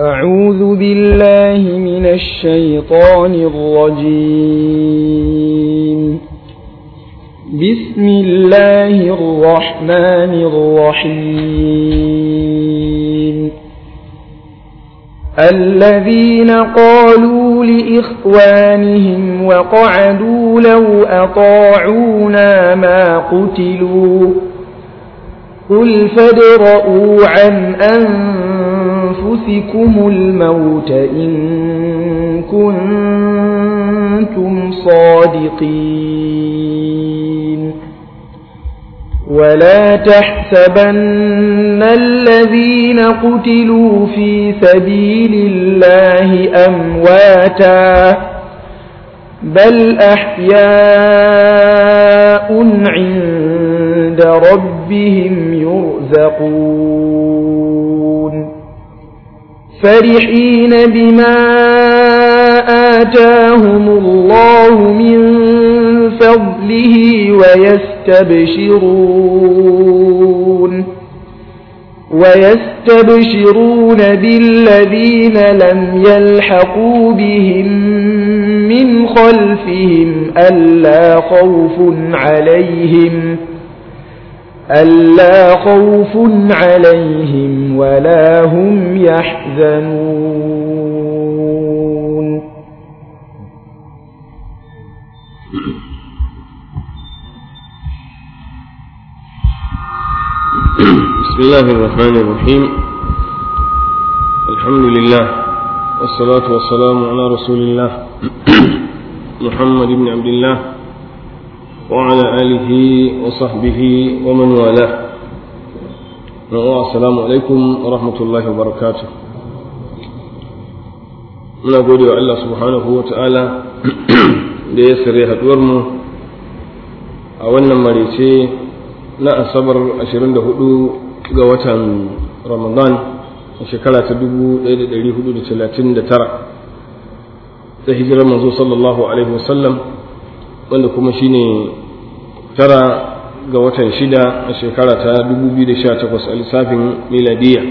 أعوذ بالله من الشيطان الرجيم بسم الله الرحمن الرحيم الذين قالوا لإخوانهم وقعدوا لو أطاعونا ما قتلوا قل فادرؤوا عن أنفسهم أنفسكم الموت إن كنتم صادقين ولا تحسبن الذين قتلوا في سبيل الله أمواتا بل أحياء عند ربهم يرزقون فرحين بما آتاهم الله من فضله ويستبشرون ويستبشرون بالذين لم يلحقوا بهم من خلفهم ألا خوف عليهم ألا خوف عليهم ولا هم يحزنون بسم الله الرحمن الرحيم الحمد لله والصلاة والسلام على رسول الله محمد بن عبد الله وعلى آله وصحبه ومن والاه rawa assalamu alaikum wa rahmatullahi wa barakatuh muna gode wa Allah subhanahu wa ta'ala da ya sare haduwar mu a wannan marice na asabar 24 ga watan ramadan a shekara ta 1439 ta hijirar manzo sallallahu alaihi wasallam wanda kuma shine tara ga watan shida a shekara ta 2018 a lissafin miladiya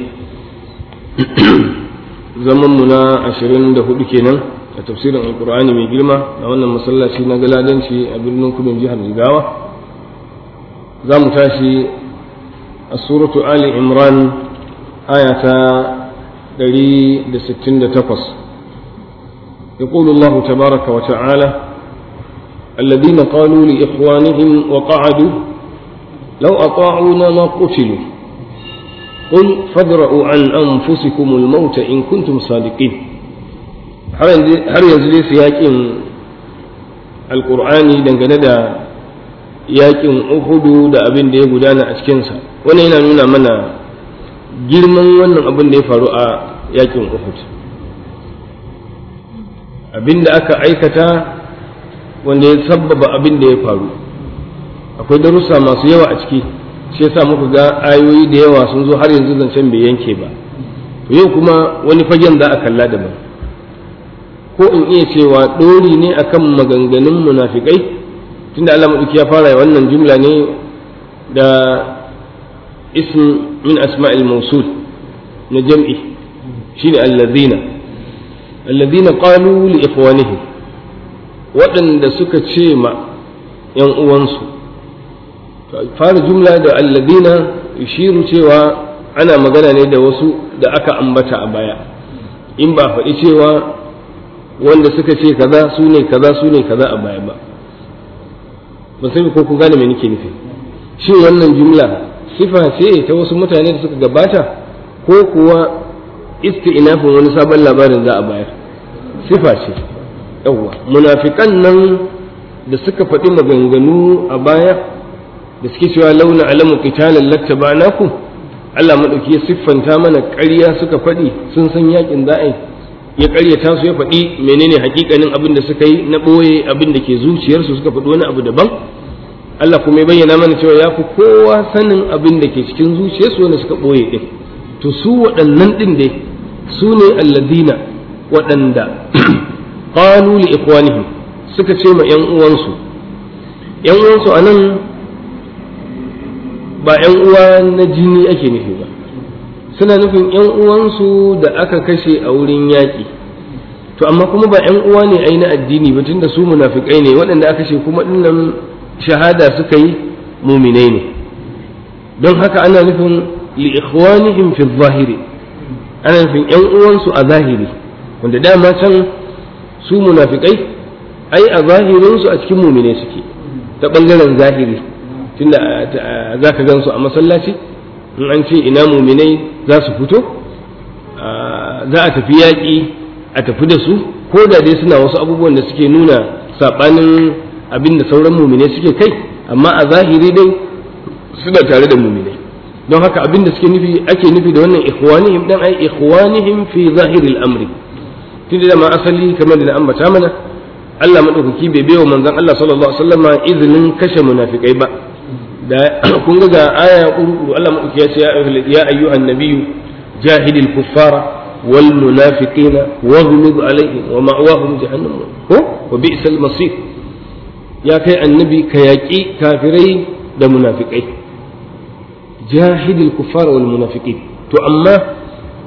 zamanmu na 24 kenan a tafsirin alkur'ani mai girma a wannan masallaci na galadanci a birnin kudin jihar jigawa za mu tashi a suratu ali imran aya ta 168 يقول الله تبارك وتعالى الذين قالوا لإخوانهم وقعدوا لو أطاعونا ما قتلوا an فادرؤوا عن أنفسكم الموت إن كنتم صادقين har yanzu dai su yakin alkur'ani dangane da yakin uhudu da abin da ya gudana a cikinsa wannan yana nuna mana girman wannan abin da ya faru a yakin uhud abin da aka aikata wanda ya sabbaba abin da ya faru akwai darussa masu yawa a ciki shi yasa muka ga ayoyi da yawa sun zo har yanzu zancen bai yanke ba to yau kuma wani fagen za a kalla da daban ko in iya cewa ɗori ne akan maganganun munafikai tunda Allah madauki ya fara wannan jumla ne da ism min asma'il mawsul na jam'i shine allazina allazina qalu li ikhwanihim waɗanda suka ce ma ‘yan uwansu’ fara jumla da alladina yushiru cewa ana magana ne da wasu da aka ambata a baya in ba faɗi cewa wanda suka ce kaza su ne kaza su ne kaza a baya ba ba sai ko ku gane me nake nufi shi wannan jumla sifa ce ta wasu mutane da suka gabata ko kuwa isti'nafin wani sabon labarin za a bayar sifa ce yawwa munafikan nan da suka faɗi maganganu a baya da suke cewa launa alamu na ku Allah maɗauki ya siffanta mana ƙarya suka faɗi sun san yaƙin za'a ya ƙaryata su ya faɗi menene hakikanin abin da suka yi na ɓoye abin da ke zuciyarsu suka faɗi wani abu daban Allah kuma ya bayyana mana cewa ya fi kowa sanin abin da ke cikin zuciyarsu wanda suka ɓoye ɗin to su waɗannan ɗin dai su ne alladina waɗanda qalu li ikhwanihim suka ce ma 'yan uwansu 'yan uwansu nan ba yan uwa na jini ake nufi ba suna nufin yan uwansu da aka kashe a wurin yaƙi to amma kuma ba yan uwa ne ai na addini ba tunda su munafikai ne waɗanda aka kashe kuma dinnan shahada suka yi muminai ne don haka ana nufin li ikhwanihim fi zahiri ana nufin yan uwansu a zahiri wanda dama can su munafikai ai a zahirinsu a cikin muminai suke ta ɓangaren zahiri tunda eh, za ka gan su a masallaci in an ce ina muminai za su fito eh, za a tafi yaƙi a tafi da su ko da dai suna wasu abubuwan da suke nuna saɓanin abin da sauran muminai suke kai amma a zahiri dai suna tare da muminai don haka abin da suke nufi ake nufi da wannan ikhwanihim dan ai ikhwanihim fi zahiril amri tunda da ma asali kamar da na ambata mana Allah madaukaki bai bai wa manzon Allah sallallahu alaihi wasallam izinin kashe munafikai ba da kun ga aya kurkuru Allah madauki ya ce ya ayyuhan nabiyyu jahidil kuffara wal munafiqina waghlub alaihim wa ma'wahum jahannam ko wa bi'sal masir ya kai annabi ka yaƙi kafirai da munafikai jahidil kuffara wal munafiqin to amma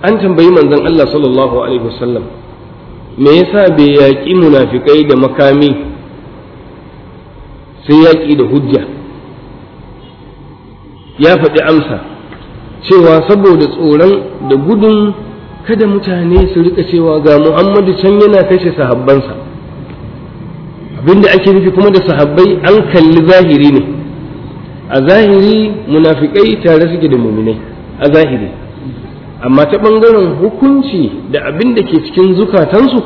an tambayi manzon Allah sallallahu alaihi wasallam me yasa bai yaƙi munafikai da makami sai yaƙi da hujja ya faɗi amsa cewa saboda tsoron da gudun kada mutane su rika cewa ga muhammadu can yana kashe sahabbansa abinda ake nufi kuma da sahabbai an kalli zahiri ne a zahiri munafikai tare suke da muminai a zahiri amma ta ɓangaren hukunci da abin da ke cikin zukatansu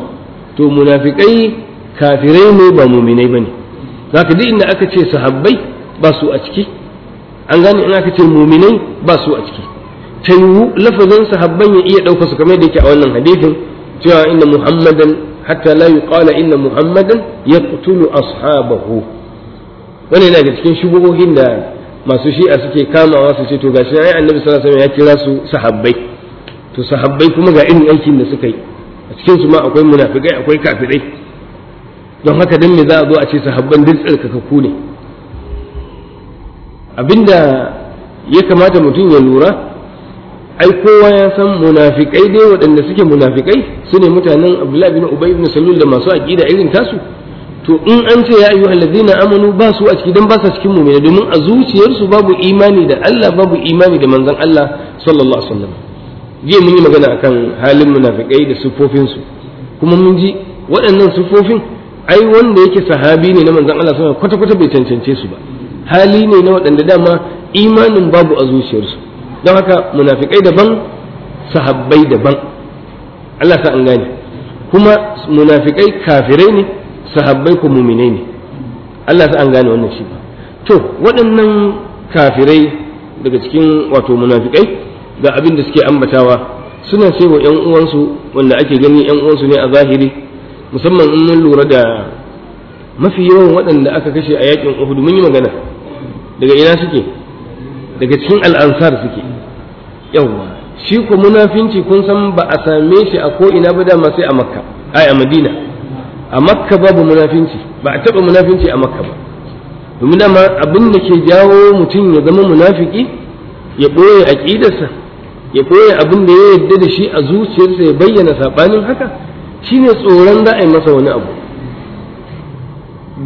to munafikai kafirai ne ba muminai ba ne za ka inda aka ce sahabbai ba su a ciki an gane in aka ce muminai ba su a ciki ta yiwu lafazin sahabban ya iya ɗauka su kamar da yake a wannan hadisin cewa inna muhammadan hatta la yuqala inna muhammadan yaqtulu ashabahu Wani yana daga cikin shubuhohin da masu shi'a suke kamawa su ce to gashi ai annabi sallallahu alaihi wasallam ya kira su sahabbai to sahabbai kuma ga irin aikin da suka yi a cikin su ma akwai munafikai akwai kafirai don haka dan me za a zo a ce sahabban duk ka ku ne abinda ya kamata mutum ya lura ai kowa ya san munafikai dai waɗanda suke munafikai su ne mutanen abdullahi bin ubay bin salul da masu aqida irin tasu to in an ce ya ayu ladina amanu ba su a ciki dan ba su cikin mu'mina domin a zuciyarsu babu imani da Allah babu imani da manzon Allah sallallahu alaihi wasallam jiya mun yi magana akan halin munafikai da sufofin kuma mun ji waɗannan sufofin ai wanda yake sahabi ne na manzon Allah sallallahu alaihi wasallam kwata-kwata bai cancance su ba hali ne na waɗanda dama imanin babu a zuciyarsu don haka munafikai daban sahabbai daban Allah sa an gane kuma munafikai kafirai ne sahabbai ko muminai ne Allah sa an gane wannan shi to waɗannan kafirai daga cikin wato munafikai ga abin da suke ambatawa suna cewa ƴan ‘yan uwansu wanda ake gani ‘yan uwansu ne a zahiri musamman in mun lura da mafi yawan waɗanda aka kashe a yakin Uhud mun yi magana daga ina suke daga cikin al'ansar suke yawwa shi ku munafinci kun san ba a same shi a ko ina ba dama sai a makka ai a madina a makka babu munafinci ba a taɓa munafinci a makka ba domin dama abin da ke jawo mutum ya zama munafiki ya ɓoye aƙidarsa ya ɓoye abin da ya yarda da shi a zuciyarsa ya bayyana saɓanin haka shine tsoron za a yi masa wani abu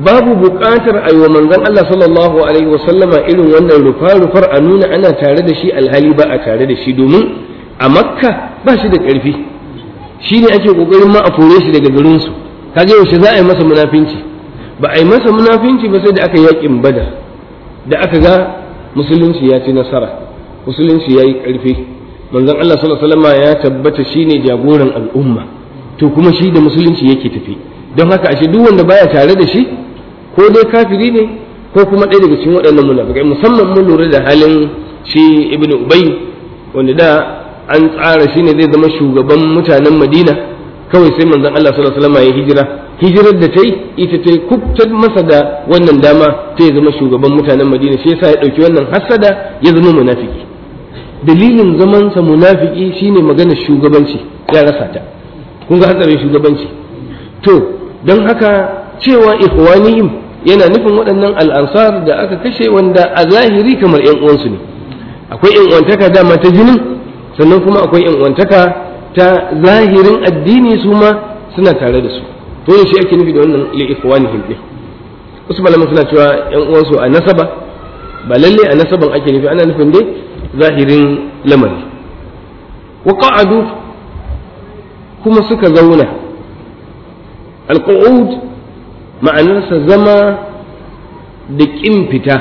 babu buƙatar a yi manzon Allah sallallahu alaihi wa sallama irin wannan rufa-rufar a nuna ana tare da shi alhali ba a tare da shi domin a makka ba shi da ƙarfi shi ne ake ƙoƙarin ma a kore shi daga garin su kaga yaushe za a yi masa munafinci ba a yi masa munafinci ba sai da aka yaƙin bada da aka ga musulunci ya ci nasara musulunci ya yi ƙarfi manzon Allah sallallahu alaihi sallama ya tabbata shi ne jagoran al'umma to kuma shi da musulunci yake tafi don haka ashe duk wanda baya tare da shi ko dai kafiri ne ko kuma ɗaya daga cikin waɗannan munafikai musamman mun lura da halin shi ibn ubay wanda da an tsara shi ne zai zama shugaban mutanen madina kawai sai manzon Allah sallallahu alaihi wasallam ya hijira hijirar da ta yi ita ta kubtar masa da wannan dama ta zama shugaban mutanen madina shi yasa ya ɗauki wannan hassada ya zama munafiki dalilin zamansa munafiki shine magana shugabanci ya rasa ta kun ga hatsarin shugabanci to don haka cewa ihwanihim yana nufin waɗannan al'ansar da aka kashe wanda a zahiri kamar ‘yan uwansu ne akwai ‘yan uwantaka dama ta jinin sannan kuma akwai ‘yan uwantaka ta zahirin addini su ma suna tare da su to ne shi ake nufi da wannan li ihwanihim din wasu malaman suna cewa ‘yan uwansu a nasaba ba lalle a nasaban ake nufi ana nufin dai zahirin lamari wa qa'adu kuma suka zauna alqu'ud ma'anarsa zama da ƙin fita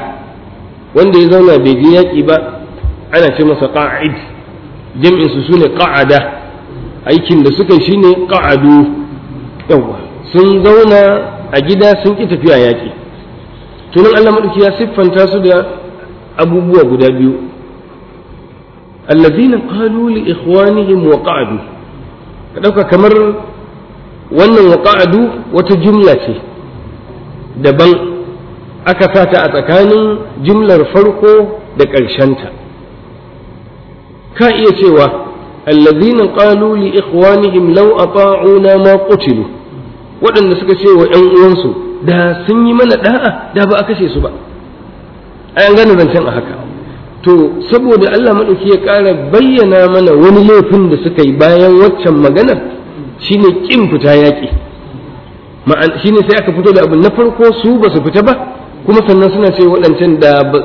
wanda ya zauna bai je yaƙi ba ana ce masa ƙa'id jam'in su sune ƙa'ada aikin da suka shine ƙa'adu yawa sun zauna a gida sun ƙi tafiya yaƙi tunan Allah maɗauki ya siffanta su da abubuwa guda biyu allazina qalu li ikhwanihim wa qa'adu ka ɗauka kamar wannan waƙa'adu wata jumla ce daban aka sata a tsakanin jumlar farko da ƙarshenta ka iya cewa allazina qalu li ikhwanihim law ata'una ma qutilu waɗanda suka ce wa ‘yan uwansu da sun yi mana ɗa'a, da ba a kashe su ba a yan gane zancen a haka to saboda Allah maɗauki ya ƙara bayyana mana wani laifin da suka yi bayan waccan maganar Shi ne ƙin fita yaƙi shi ne sai aka fito da abu na farko su ba su fita ba kuma sannan suna ce waɗancan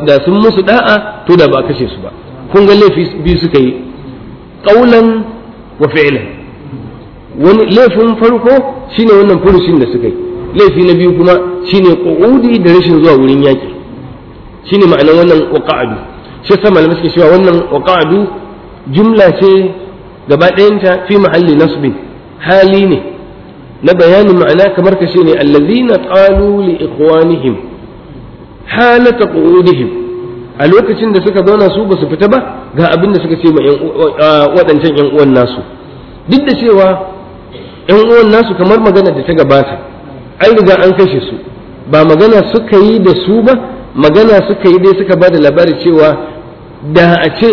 da sun musu da'a to da ba kashe su ba kun ga laifi biyu suka yi ƙaunan wa fi'ilan wani laifin farko shi ne wannan furushin da suka yi laifi na biyu kuma shi ne ƙa'udi da rashin zuwa wurin yaƙi shi ne ma'anar wannan waqa'adu shi yasa malamai suke cewa wannan ƙa'adu jumla ce gaba ɗayanta fi mahalli nasbin hali ne na bayani ma'ana kamar ka ne allazina qalu li ikhwanihim halata qudihim a lokacin da suka zauna su basu fita ba ga abin da suka ce ma waɗancan yan uwan nasu duk da cewa yan uwan nasu kamar magana da ta gabata an riga an kashe su ba magana suka yi da su ba magana suka yi dai suka ba da labari cewa da a ce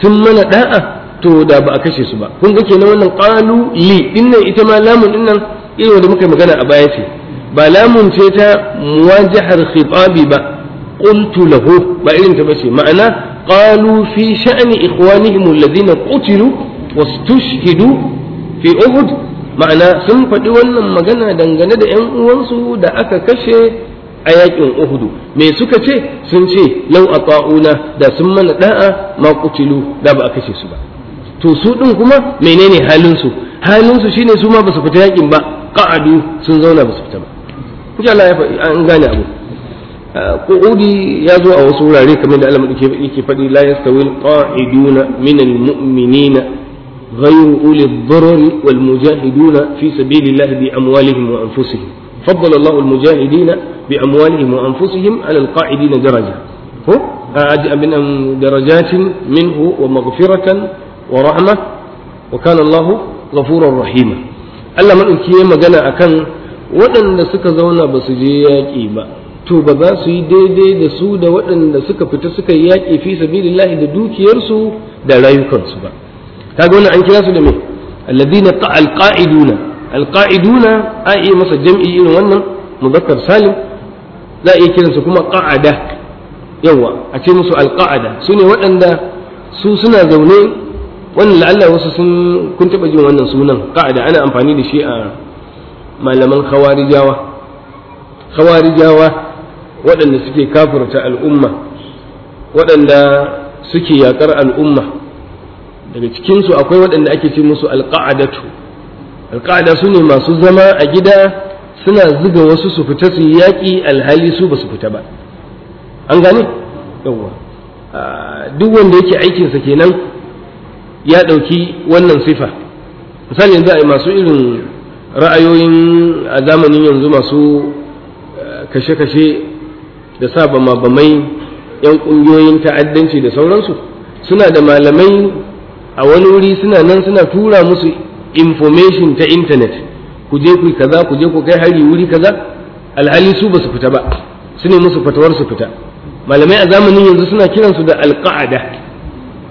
sun mana da'a to da ba a kashe su ba kun ga kenan wannan qalu li dinnan ita ma lamun dinnan irin da muka magana a baya ce ba lamun ce ta muwajahar khitabi ba qultu lahu ba irin ta bace ma'ana qalu fi sha'ni ikhwanihim alladhina qutilu wastushhidu fi uhud ma'ana sun faɗi wannan magana dangane da 'yan uwansu da aka kashe a yakin uhudu me suka ce sun ce lau a da sun mana da'a ma kutilu da ba a kashe su ba to su din kuma menene halin su halin su shine su ma ba su fita yakin ba qa'adu sun zauna ba su fita ba insha Allah ya an gane abu qu'udi ya zo a wasu wurare kamar da Allah madauke yake faɗi la yastawil qa'iduna minal mu'minina غير أولي الضرر والمجاهدون في سبيل الله بأموالهم وأنفسهم فضل الله المجاهدين بأموالهم وأنفسهم على القاعدين درجة درجات منه ومغفرة warahma rahma wa kana Allah ghafurur rahima Allah madauki yayi magana akan waɗanda suka zauna basu je yaƙi ba to ba za su daidai da su da waɗanda suka fita suka yi yaƙi fi sabilillahi da dukiyarsu da rayukansu ba kaga wannan an kira su da me alladhina alqa'iduna alqa'iduna a iya masa jam'i irin wannan muzakkar salim za a iya kiransu kuma qa'ada yawa a ce musu alqa'ada su ne waɗanda su suna zaune wannan la'alla wasu sun kun taɓa jin wannan sunan ka'ada ana amfani da shi a malaman khawarijawa khawarijawa waɗanda suke kafurta al'umma waɗanda suke yaƙar al'umma daga cikinsu akwai waɗanda ake ce musu alƙa'adatu alƙa'ada su ne masu zama a gida suna zuga wasu su fita su yaƙi alhali su ba su fita ba an gane yawwa ah, duk wanda yake aikinsa kenan ya ɗauki wannan sifa misali yanzu a masu irin ra'ayoyin a zamanin yanzu masu eh, kashe-kashe da sa bamabamai 'yan ƙungiyoyin ta'addanci da sauransu suna da malamai a wani wuri suna nan suna tura musu information ta intanet ku je ku kaza ku je ku kai hari wuri kaza alhali su ba su fita ba su ne musu fatawar su fita malamai a zamanin yanzu suna kiransu da alƙa'ada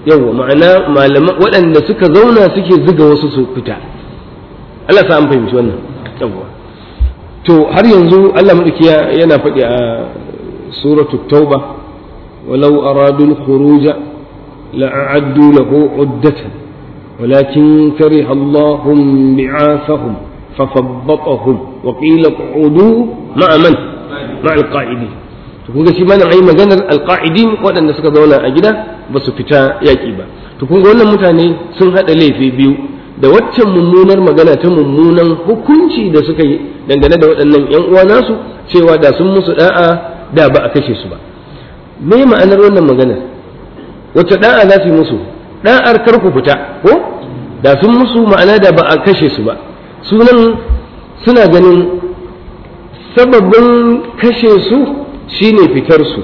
yawa ma'ana malaman waɗanda suka zauna suke zuga wasu su fita Allah sa an fahimci wannan yawa to har yanzu Allah madaki yana faɗi a suratu tauba walau aradul khuruja la'addu lahu uddatan ولكن كره الله بعاثهم فثبطهم وقيل اقعدوا مع من؟ مع القاعدين. تقول شي ما نعي مجانا القاعدين وأن الناس كذولا أجدا ba su fita yaƙi ba to kun wannan mutane sun haɗa laifi biyu da waccan mummunar magana ta mummunan hukunci da suka yi dangane da waɗannan ‘yan uwa nasu cewa da sun musu da'a da ba a kashe su ba me ma'anar wannan magana wacce da'a za su yi musu da'ar kar ku fita ko da sun musu ma'ana da ba a kashe su ba sunan suna ganin sababin kashe su shine fitar su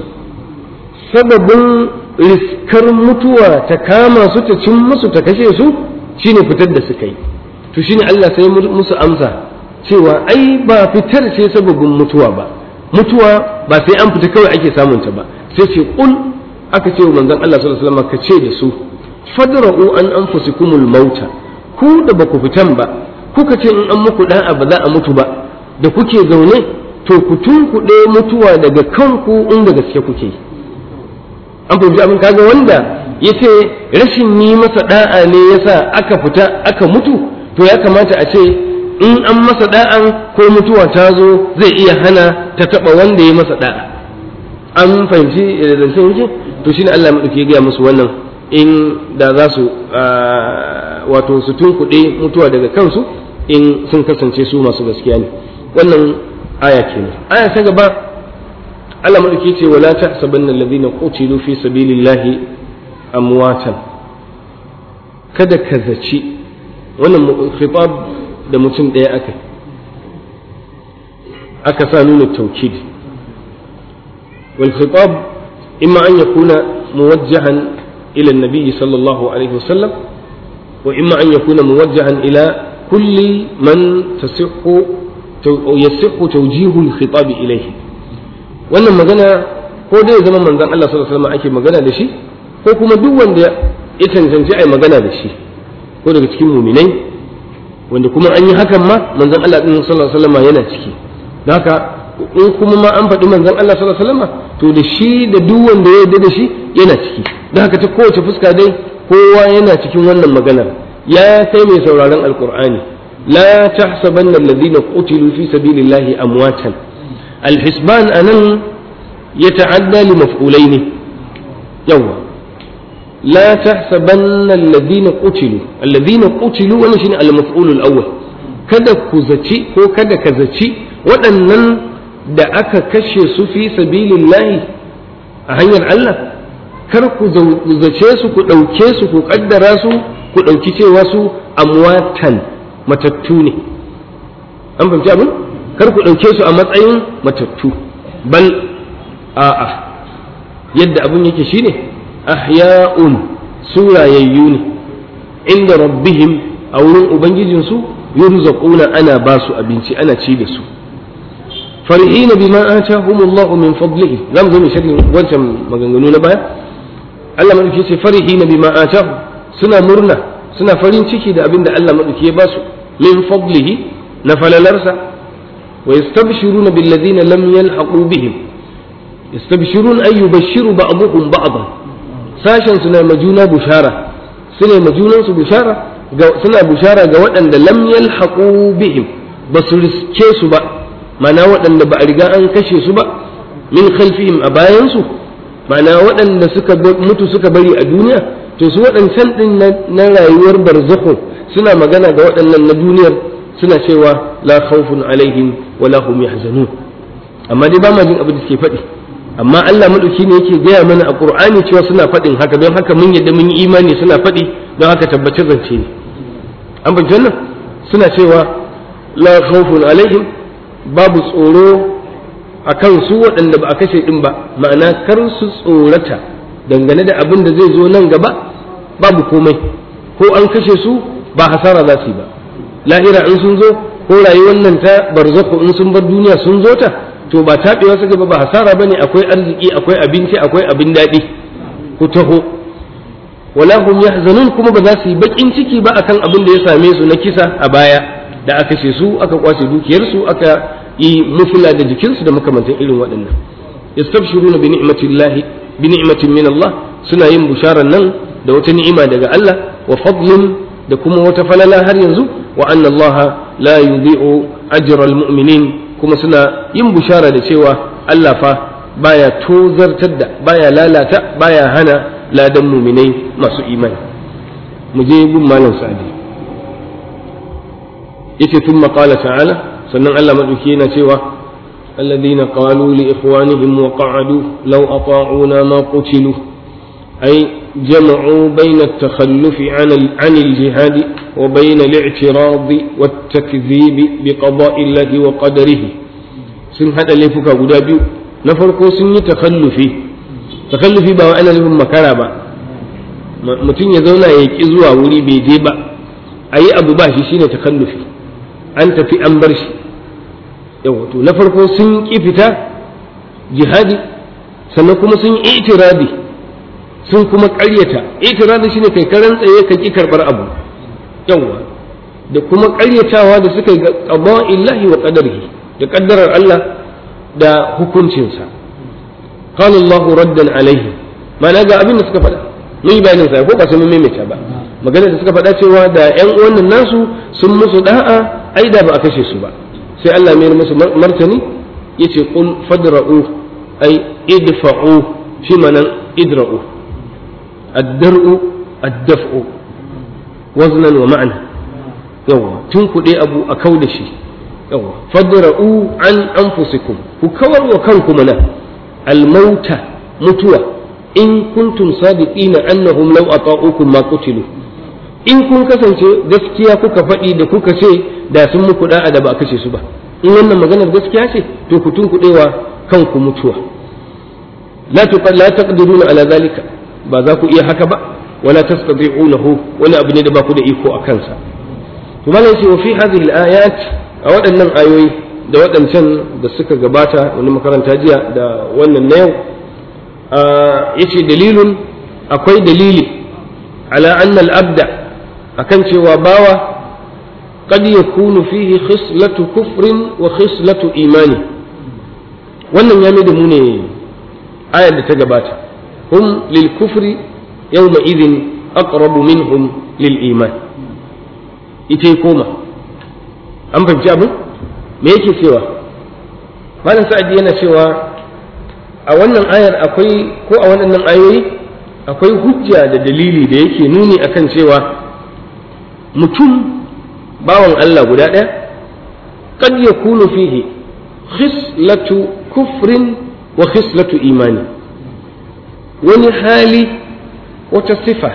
sababin riskar mutuwa ta kama su ta cin musu ta kashe su shine fitar da suka yi to shine Allah sai musu amsa cewa ai ba fitar ce sababin mutuwa ba mutuwa ba sai an fita kawai ake samun ta ba sai ce kul aka ce wa manzon Allah sallallahu alaihi wasallam ka ce da su fadra'u an anfusikumul mauta ku da ba ku fitan ba kuka ce in an muku da'a ba za a mutu ba da kuke zaune to ku tunkuɗe mutuwa daga kanku in da gaske kuke yi an fahimci abin kaga wanda ya ce rashin ni masa da'a ne ya sa aka fita aka mutu to ya kamata a ce in an masa da'an ko mutuwa ta zo zai iya hana ta taba wanda ya masa da'a an fahimci da eh, yake to shine Allah mu ya gaya musu wannan in da za su ah, wato su tunkuɗe mutuwa daga kansu in sun kasance su masu gaskiya ne wannan aya kenan aya ta gaba Allah madauki ce wala tahsabanna alladhina qutilu fi sabilillahi amwatan kada ka zaci wannan khitab da mutum ɗaya aka aka sa nuna taukid wal khitab imma an yakuna muwajjahan ila an-nabi sallallahu alaihi wasallam wa imma an yakuna muwajjahan ila kulli man tasihhu yasihhu tawjihu al-khitab ilayhi wannan magana ko dai zama manzon Allah sallallahu alaihi wasallam ake magana da shi ko kuma duk wanda ya tantance ai magana da shi ko daga cikin muminai wanda kuma an yi hakan ma manzon Allah din sallallahu alaihi wasallam yana ciki haka in kuma ma an faɗi manzon Allah sallallahu alaihi wasallam to da shi da duk wanda ya yarda da shi yana ciki don haka ta kowace fuska dai kowa yana cikin wannan maganar ya kai mai sauraron alqur'ani la tahsabanna alladhina qutilu fi sabilillahi amwatan alhisban a nan ya ta'adda li maf'ulai ne yawa la tahsabanna alladhina qutilu alladhina qutilu shine al awwal kada ku zaci ko kada ka zaci waɗannan da aka kashe su fi sabilillahi a hanyar Allah kar ku zace su ku ɗauke su ku ƙaddara su ku ɗauki cewa su amwatan matattu ne an fahimci abin kar ku ɗauke su a matsayin matattu bal a'a yadda abun yake shine ahya'un surayayyu ne inda rabbihim a wurin ubangijinsu yurzaquna ana ba su abinci ana ci da su farihina bima atahumullahu min fadlihi zan zo mu shirin wancan maganganu na baya Allah madauki ce farihina bima atahu suna murna suna farin ciki da abin da Allah madauki ya ba su min fadlihi na falalarsa wa yastabshiruna bil ladina lam yalhaqu bihim yastabshirun ay yubashshiru ba'dhum ba'dhan sashen suna majuna bushara suna majunan su bushara suna bushara ga waɗanda lam yalhaqu bihim ba su riske su ba ma'ana waɗanda ba a riga an kashe su ba min khalfihim a bayansu su ma'ana waɗanda mutu suka bari a duniya to su waɗancan ɗin na rayuwar barzakhun suna magana ga waɗannan na duniyar suna cewa la khawfun alaihim wa la hum yahzanun amma dai ba ma jin abin da suke faɗi amma Allah madauki ne yake gaya mana a Qur'ani cewa suna faɗin haka don haka mun yadda mun yi imani suna faɗi don haka tabbatar zance ne an bin jannan suna cewa la khawfun alaihim babu tsoro a kan su waɗanda ba a kashe ɗin ba ma'ana kar su tsorata dangane da abin da zai zo nan gaba babu komai ko an kashe su ba hasara za su yi ba la'ira in sun zo ko rayuwar nan ta barzaku in sun bar duniya sun zo ta to ba taɓewa suka ba ba hasara ba ne. akwai arziki akwai abinci akwai abin daɗi ku taho wala hum yahzanun kuma ba za su yi bakin ciki ba akan abin da ya same su na kisa a baya da aka ce su aka kwace dukiyarsu aka yi mufula da jikinsu da makamantan irin waɗannan yastabshiruna bi ni'matillahi bi ni'matin min Allah suna yin bisharar nan da wata ni'ima daga Allah wa fadlin da kuma wata falala har yanzu wa anna la yudhi'u ajra almu'minin kuma suna yin bushara da cewa Allah fa baya tozartar da baya lalata baya hana ladan mu'minai masu imani mu je gun malam sa'adi yace tun maƙala ta'ala sannan Allah madauki yana cewa الذين قالوا لإخوانهم وقعدوا لو أطاعونا ما قتلوا أي جمعوا بين التخلف عن عن الجهاد وبين الاعتراض والتكذيب بقضاء الله وقدره سن هذا اللي فك أبو دابيو نفرق سن تخلفي تخلفي بوا أنا لهم مكاربا متين يذونا يكذوا أولي بيجيبا أي أبو باشي سن تخلفي أنت في أمبرش نفرق سن كيفتا جهادي سنكم سن اعتراضي sun kuma ƙaryata itirazin shine kai karan tsaye ka ki karbar abu yawa da kuma ƙaryatawa da suka yi ga illahi wa qadarihi da ƙaddarar Allah da hukuncinsa qala Allahu raddan alaihi ma'ana ga abin da suka faɗa mun yi bayanin ko ba su mun maimaita ba maganar da suka faɗa cewa da ƴan uwan nasu sun musu da'a ai da ba a kashe su ba sai Allah mai musu martani yace qul fadra'u ai idfa'u shi manan idra'u addar'u addaf'u waznan wa ma'ana yawa tun kuɗe abu a kau da shi yawa fadra'u an anfusikum ku kawar wa kanku mana almauta mutuwa in kuntum sadiqina annahum law ata'ukum ma qutilu in kun kasance gaskiya kuka faɗi da kuka ce da sun muku da'a da ba kashe su ba in wannan maganar gaskiya ce to ku tunkuɗewa kanku mutuwa la taqdiruna ala zalika ba za ku iya haka ba wala tastati'unahu wani abu ne da ba ku da iko a kansa to malam ce wa fi hadhihi al-ayat a waɗannan ayoyi da waɗancan da suka gabata wani makaranta jiya da wannan na yau yace dalilun akwai dalili ala anna al-abda akan cewa bawa قد يكون فيه خصلة كفر وخصلة إيمان wannan ya da mu ne ayar da ta gabata hum lil kufri yawma idhin aqrabu minhum lil iman ita koma an fahimci abin me yake cewa malam sa'adi yana cewa a wannan ayar akwai ko a waɗannan ayoyi akwai hujja da dalili da yake nuni akan cewa mutum bawan Allah guda ɗaya kad yakunu fihi khislatu kufrin wa khislatu imani wani hali wata sifa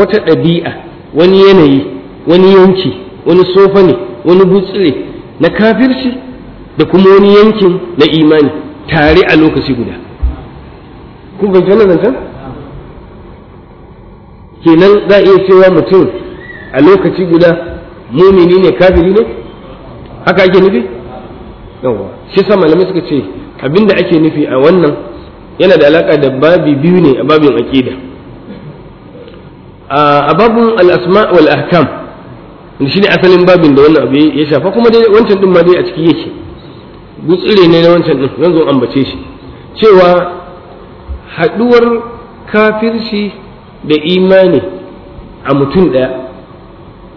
wata ɗabi'a wani yanayi wani yanki wani sofa ne wani butsire na kafirci da kuma wani yankin na imani tare a lokaci guda kun fahimci can zancen kenan za a iya cewa mutum a lokaci guda mumini ne kafiri ne haka ake nufi yawa shi sa malamai suka ce abinda ake nufi a wannan yana da alaka da babi biyu ne a babin aqida a babin al-asma wal ahkam shi ne asalin babin da wannan abu ya shafa kuma dai wancan din ma dai a ciki yake gutsire ne na wancan din zan zo ambace shi cewa haduwar kafirci da imani a mutum daya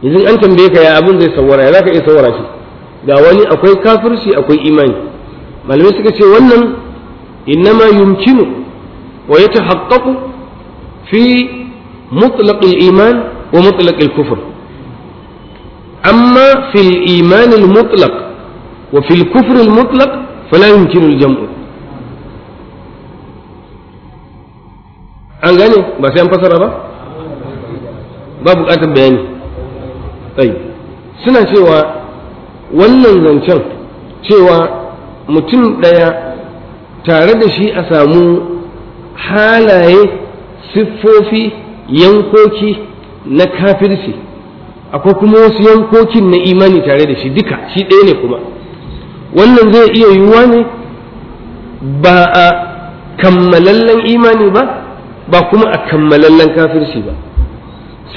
yanzu an tambaye ka ya abin zai sawara ya zaka iya sawara shi ga wani akwai kafirci akwai imani malamai suka ce wannan إنما يمكن ويتحقق في مطلق الإيمان ومطلق الكفر أما في الإيمان المطلق وفي الكفر المطلق فلا يمكن الجمع أنغاني بس ba sai an fasara ba طيب سنة bayani ولن suna cewa متم ديا tare da shi a samu halaye siffofi yankoki na kafirci akwai kuma wasu yankokin na imani tare da shi duka shi ɗaya ne kuma wannan zai iya yiwuwa ne ba a kammalallen imani ba ba kuma a kammalallen kafirci ba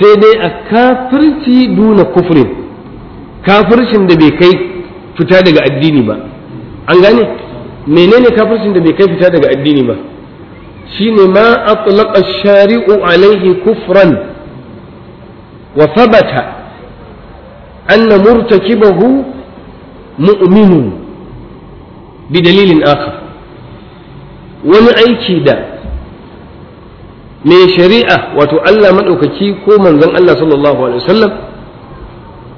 sai dai a kafirci duna kufurin kafircin da bai kai fita daga addini ba an gane menene kafircin da bai kai fita daga addini ba shine ma atlaqa shari'u alaihi kufran wa thabata anna murtakibahu mu'minun bi dalilin akhar wani aiki da mai shari'a wato Allah madaukaki ko manzon Allah sallallahu alaihi wasallam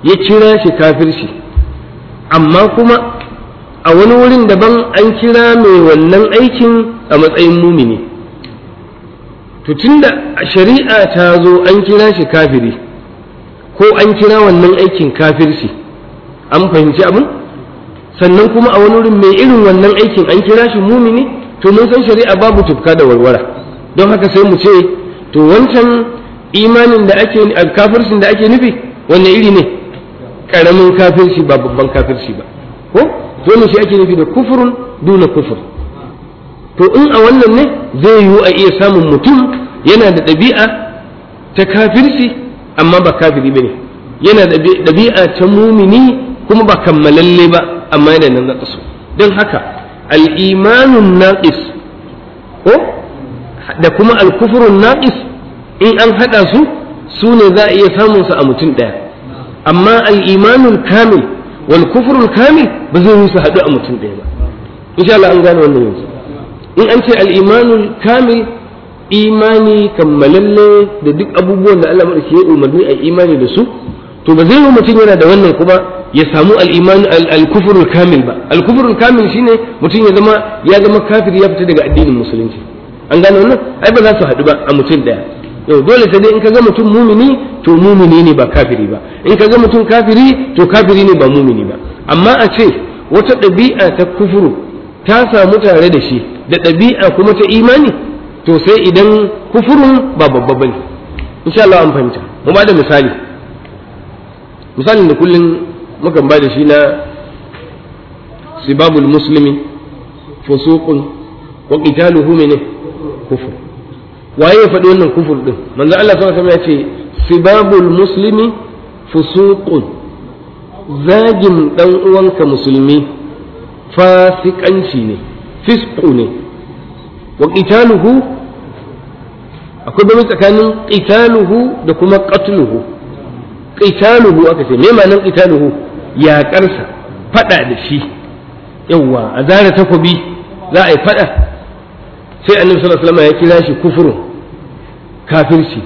ya kira shi kafirci amma kuma a wani wurin daban an kira mai wannan aikin a matsayin mumini to tunda shari'a ta zo an kira shi kafiri ko an kira wannan aikin kafirci an fahimci abin sannan kuma a wani wurin mai irin wannan aikin an kira shi mumini to mun san shari'a babu tufka da warwara don haka sai mu ce to wancan imanin da ake kafircin da ake nufi wanne iri ne karamin kafirci ba babban kafirci ba ko wannan shi ake nufi da kufurun duna kufur to in a wannan ne zai yiwu a iya samun mutum yana da ɗabi'a ta kafirci amma ba kafiri ne. yana da ɗabi'a ta mumini kuma ba kammalalle ba amma yana nan naqsu don haka al'imanun imanun ko da kuma al'kufurun kufrun in an haɗa su su ne za a iya samun su a mutum ɗaya amma al-imanul kamil wal kufrul kamil ba zai yi su haɗu a mutum ɗaya ba insha Allah an gane wannan yanzu in an ce al imanul kamil imani kammalalle da duk abubuwan da Allah madaki ya umarni a imani da su to ba zai yi mutum yana da wannan kuma ya samu al-iman al-kufrul kamil ba al-kufrul kamil shine mutum ya zama ya zama kafiri ya fita daga addinin musulunci an gane wannan ai ba za su haɗu ba a mutum ɗaya yau dole sai dai in ka ga mutum mumini to mumini ne ba kafiri ba in ka ga mutum kafiri to kafiri ne ba mumini ba amma a ce wata ɗabi'a ta kufuru ta samu tare da shi da ɗabi'a kuma ta imani to sai idan kufurun ba babba bane insha Allah an fahimta mu ba da misali misalin da kullum mukan ba da shi na sibabul muslimi fusuqun wa qitaluhu min kufur waye ya faɗi wannan kufur ɗin manzo Allah sun alaihi ya ce sibabul muslimi fusuqun zagin dan uwanka musulmi fasikanci ne fisku ne wa qitaluhu akwai bambanci tsakanin qitaluhu da kuma qatluhu qitaluhu aka ce me ma'anar qitaluhu yaƙarsa faɗa da shi yauwa a zara takobi za a yi faɗa sai annabi sallallahu alaihi wasallam ya kira shi kufurun kafirci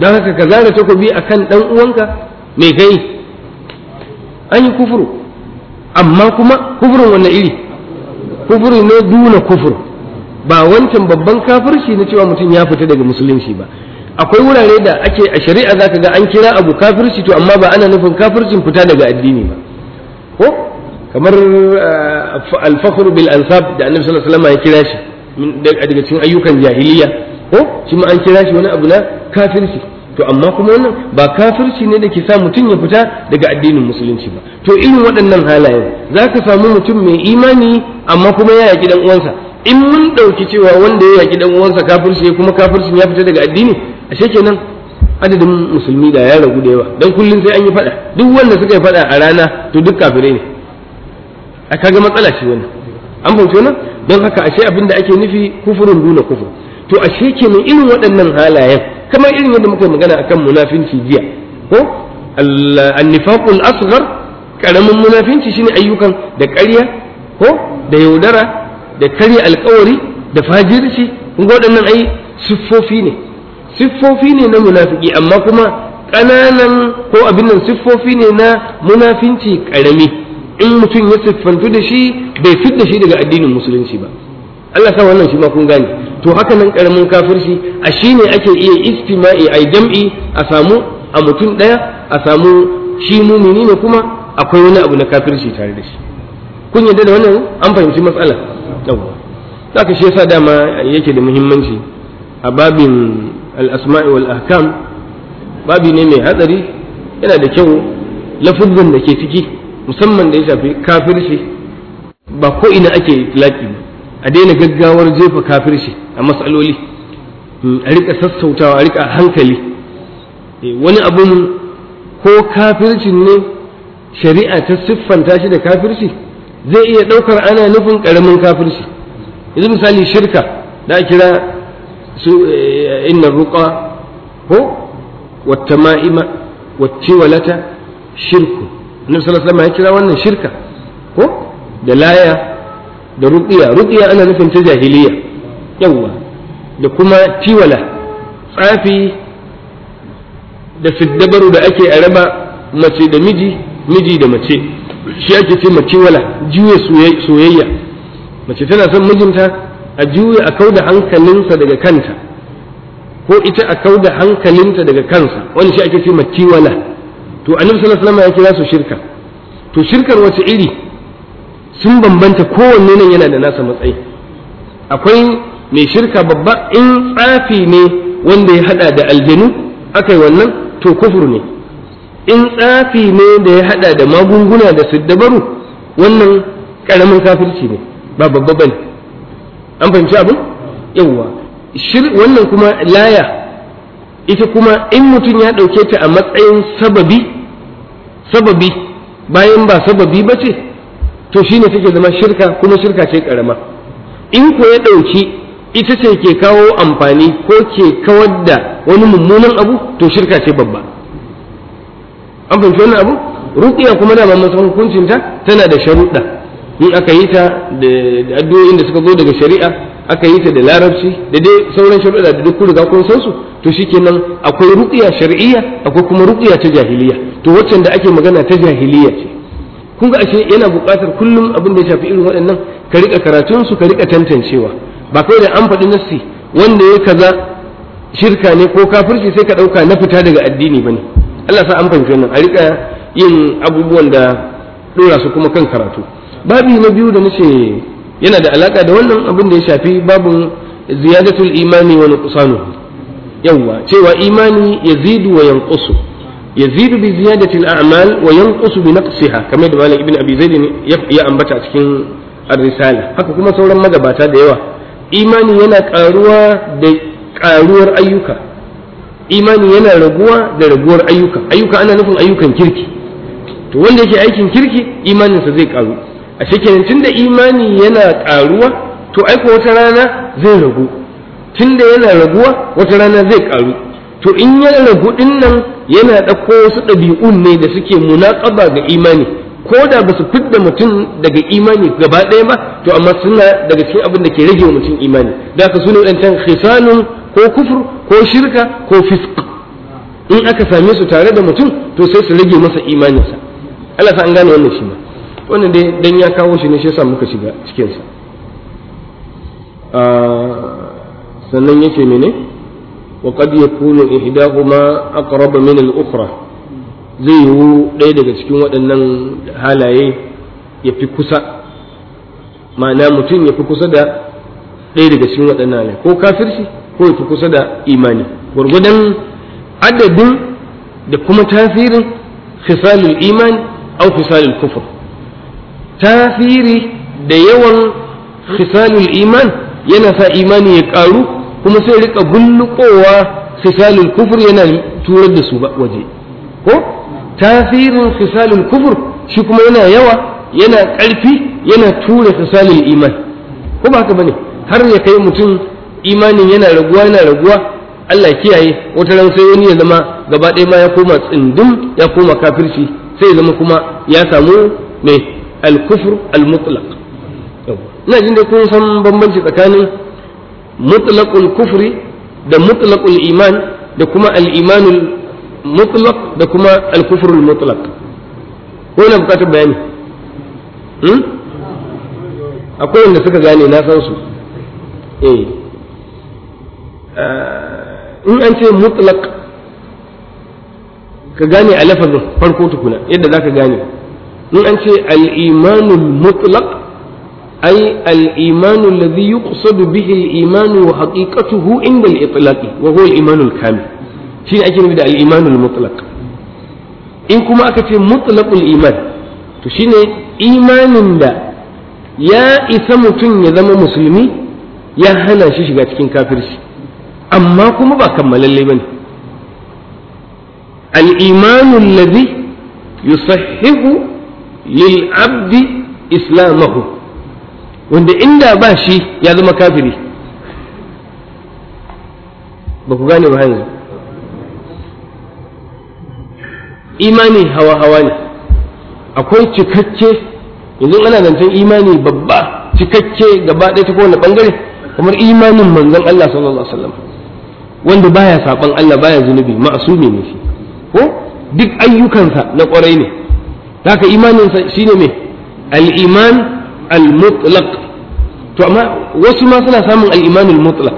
dan haka ka zara takobi akan dan uwanka me kai an yi kufuru amma kuma kufurin wanne iri kufuri ne duna kufuru. ba wancan babban kafirci na cewa mutum ya fita daga musulunci ba akwai wurare da ake a shari'a zaka ga an kira abu kafirci to amma ba ana nufin kafircin fita daga addini ba ko kamar eh, alfahur bil ansab da annabi sallallahu alaihi wasallam ya kira shi daga cikin ayyukan jahiliya ko shi ma an kira shi wani abu na kafirci to amma kuma wannan ba kafirci ne da ke sa mutum ya fita daga addinin musulunci ba to irin waɗannan halayen za ka samu mutum mai imani amma kuma ya yaƙi dan uwansa in mun ɗauki cewa wanda ya yaƙi dan uwansa kafirci ne kuma kafircin ya fita daga addini ashe nan adadin musulmi da ya ragu da yawa dan kullum sai an yi fada duk wanda suka yi fada a rana to duk kafirai ne a kaga matsala shi wani an fahimci wannan don haka ashe abin da ake nufi kufurin duna kufur to ashe ke kenan irin waɗannan halayen kamar irin yadda muka magana akan munafinci jiya ko annifaqul asghar karamin munafinci shine ayyukan da ƙarya ko da yaudara da karya alkawari da fajirci kun ga waɗannan ai siffofi ne siffofi ne na munafiki amma kuma ƙananan ko abin nan siffofi ne na munafinci ƙarami in mutum ya siffantu da shi bai fit da shi daga addinin musulunci ba Allah sa wannan shi ma kun gane to haka nan karamin kafirci a ne ake iya istima'i ai jam'i a samu a mutum ɗaya a samu shi mumini ne kuma akwai wani abu na kafirci tare da shi kun yarda da wannan an fahimci matsala Da ka shi yasa dama yake da muhimmanci a babin al-asma'i wal ahkam babi ne mai hatsari yana da kyau lafuzzan da ke ciki musamman da ya shafi kafirci ba ko ina ake laƙi ba a daina gaggawar jefa kafirci a matsaloli hmm, a rika sassautawa a rika hankali eh, wani abun ko kafircin ne shari'a ta siffanta shi da kafirci zai iya ɗaukar ana nufin ƙaramin kafirci yanzu misali shirka da kira su eh, inna ruqa ko wata ma'ima wacce walata shirku annabi sallallahu ya kira wannan shirka ko da laya da ruqiya ruqiya ana nufin ta jahiliya yawwa. da kuma tiwala tsafi da siddabaru da ake a raba mace da miji miji da mace shi ake ce mace wala juya soyayya mace tana son mijinta a juya a kauda hankalinsa daga kanta ko ita a kauda hankalinta daga kansa wani shi ake ce mace wala to annabi sallallahu alaihi wasallam ya kira su shirka to shirkar wace iri sun bambanta kowanne nan yana da nasa matsayi akwai mai shirka babba in tsafi ne wanda ya hada da aljanu akai wannan to kufur ne in tsafi ne da ya hada da magunguna da siddabaru wannan karamin kafirci ne ba babba bane an fahimci abin yawwa wannan kuma laya ita kuma in mutum ya ɗauke ta a matsayin sababi sababi bayan ba sababi ba ce to shine take zama shirka kuma shirka ce karama in ko ya ɗauki ita ce ke kawo amfani ko ke kawar da wani mummunan abu to shirka ce babba an fahimci wannan abu ruqiya kuma da mamman san hukuncinta tana da sharuɗa in aka yi ta da addu'o'in da suka zo daga shari'a aka yi ta da larabci da dai sauran shari'a da duk riga kun san su to shikenan akwai ruqiya shar'iyya akwai kuma ruqiya ta jahiliya to waccan da ake magana ta jahiliya ce kun ga ashe yana buƙatar kullum abin da ya shafi irin waɗannan ka rika karatun su ka rika tantancewa ba kawai da an faɗi nassi wanda ya kaza shirka ne ko kafirci sai ka ɗauka na fita daga addini bane Allah sa an fahimci wannan a rika yin abubuwan da ɗora su kuma kan karatu babi na biyu da nace yana da alaka da wannan abin da ya shafi babun ziyadatul imani wa nuqsanu yawa cewa imani yazidu wa yanqusu yazidu bi ziyadati al-a'mal wa yanqusu bi naqsiha kamar da malik ibn abi zaid ya ambata a cikin ar-risala haka kuma sauran magabata da yawa imani yana karuwa da karuwar ayyuka imani yana raguwa da raguwar ayyuka ayyuka ana nufin ayyukan kirki to wanda yake aikin kirki imaninsa zai karu a tun tunda imani yana ƙaruwa to aiko wata rana zai ragu tunda yana raguwa wata rana zai karu to in ya ragu ɗin nan yana ɗauko wasu ɗabi'un ne da suke munaƙaba ga imani ko da ba su fidda mutum daga imani gaba ɗaya ba to amma suna daga cikin abin da ke rage wa mutum imani da haka su ne waɗancan khisalun ko kufur ko shirka ko fisk in aka same su tare da mutum to sai su rage masa imaninsa Allah sa an gane wannan shi ma wannan dai dan ya kawo shi ne shi yasa muka shiga cikin sa ah, sannan yake mene wa qad yakunu ihdahuma aqrab min al-ukhra zai yiwu ɗaya daga cikin waɗannan halaye ya fi kusa ma'ana mutum ya fi kusa da ɗaya daga cikin waɗannan halaye ko kafirci ko ya fi kusa da imani gwargwadon adadin da kuma tasirin khisalul iman au khisalul kufur tasiri da yawan khisalul iman yana sa imani ya karu kuma sai rika bullukowa khisalul kufur yana turar da su waje ko tasirin khisalul kufur shi kuma yana yawa yana ƙarfi yana tura khisalul iman ko ba haka bane har ya kai mutum imanin yana raguwa yana raguwa Allah kiyaye wata ran sai wani ya zama gaba ɗaya ma ya koma tsindin ya koma kafirci sai ya zama kuma ya samu mai al-kufr al ina jin da kun san bambanci tsakanin mutlaqul kufri da mutlaqul iman da kuma al-imanul mutlaq da kuma al-kufrul mutlaq ko na bukatar bayani hmm? akwai wanda suka gane na san su eh. eh in an ce mutlaq ka gane a lafazin farko tukuna yadda zaka gane نعنتي الإيمان المطلق أي الإيمان الذي يقصد به الإيمان وحقيقته عند الإطلاق وهو الإيمان الكامل شين أجل بدأ الإيمان المطلق إن كما أكتب مطلق الإيمان تشين إيمان دا يا إثم تن يذم مسلمي يا هنا شيش قاتك كافر أما كما بأكمل الليبن الإيمان الذي يصحب lil abdi islamahu wanda inda ba shi ya zama kafiri ba ku gane ba yanzu hawa-hawa ne akwai cikakke yanzu ana zancen imani babba cikakke gaba ɗaya ta kowane ɓangare kamar imanin manzon Allah sallallahu alaihi wasallam wanda baya saban Allah baya zunubi ma'asumi ne shi ko duk ayyukansa na ƙwarai ne haka imaninsa shine me al-iman al-mutlaq to amma wasu ma suna samun al-iman al-mutlaq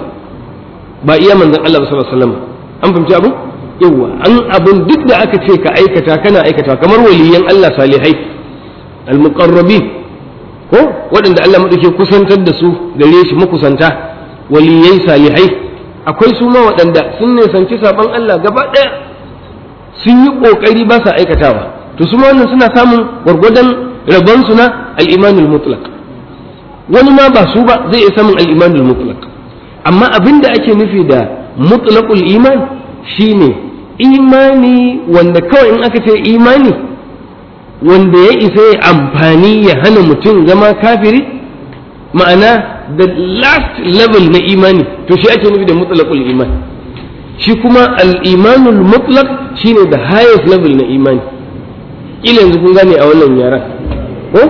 ba iya manzon Allah sallallahu alaihi wasallam an fahimci abu yawa an abun duk da aka ce ka aikata kana aikata kamar waliyan Allah salihai al muqarrabi ko waɗanda Allah madauke kusantar da su gare shi makusanta waliyai salihai akwai su ma waɗanda sun ne sanci saban Allah gaba ɗaya sun yi ƙoƙari ba sa aikatawa to su wannan suna samun gwargwadon rabonsu na al'imanul mutlaq wani ma ba su ba zai iya samun al'imanul mutlaq amma abin da ake nufi da mutlaqul iman shine imani wanda kawai in aka ce imani wanda ya isa ya amfani ya hana mutum zama kafiri ma'ana the last level na imani to shi ake nufi da mutlaqul iman shi kuma al-imanul mutlaq shine the highest level na imani ila yanzu kun gane a wannan yaran ko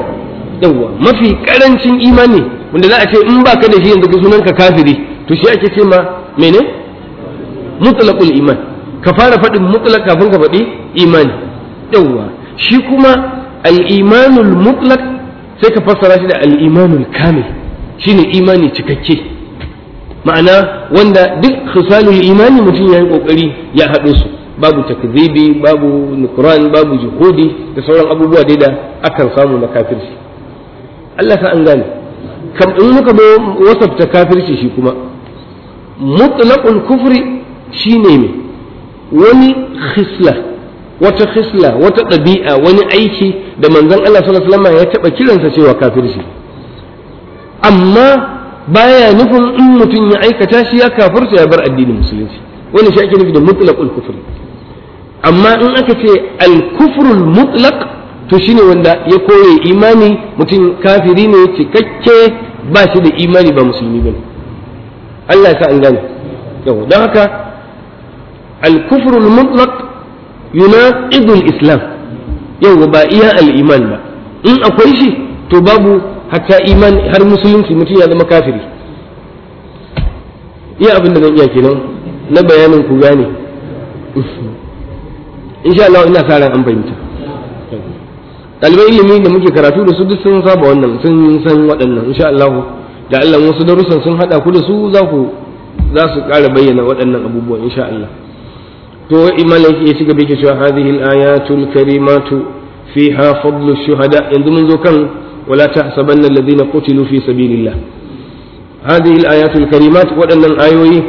yawwa mafi karancin imani wanda za a ce in baka da shi yanzu ka ka kafiri to shi ake ce ma mene mutlaqul iman ka fara faɗin mutlaq kafin ka faɗi imani yawwa shi kuma al-imanul mutlaq sai ka fassara shi da al-imanul kamil shine imani cikakke ma'ana wanda duk khisalul imani mutum ya yi kokari ya haɗo su babu takzibi babu nukran babu Jihudi da sauran abubuwa dai da akan samu na kafirci Allah sa an gane kam in muka bo wasafta kafirci shi kuma mutlaqul kufri shine me wani khisla wata khisla wata ɗabi'a wani aiki da manzon Allah sallallahu alaihi wasallam ya taba kiransa cewa kafirci amma baya nufin in mutum ya aikata shi ya kafirta ya bar addinin musulunci wani shi ake nufi da mutlaqul kufri amma in aka ce al-kufrul mutlaq to shine wanda ya koye imani mutum kafiri ne cikakke ba shi da imani ba musulmi bane Allah ya sa an gane yau don haka al-kufrul mutlaq yunaqidul islam yau ba iya al-iman ba in akwai shi to babu hatta iman har musulunci mutum ya zama kafiri iya abin da zan iya kenan na bayanin ku gane insha Allah ina sa ran an fahimta ɗaliban ilimi da muke karatu da su duk sun saba wannan sun san waɗannan insha Allah da Allah wasu darussan sun haɗa ku da su za ku za su ƙara bayyana waɗannan abubuwan insha Allah to imalai ya ci gaba yake cewa hadhihi al-ayatul karimatu fiha fadlu shuhada yanzu mun zo kan wala tahsabanna alladhina qutilu fi sabilillah hadhihi al-ayatul karimat waɗannan ayoyi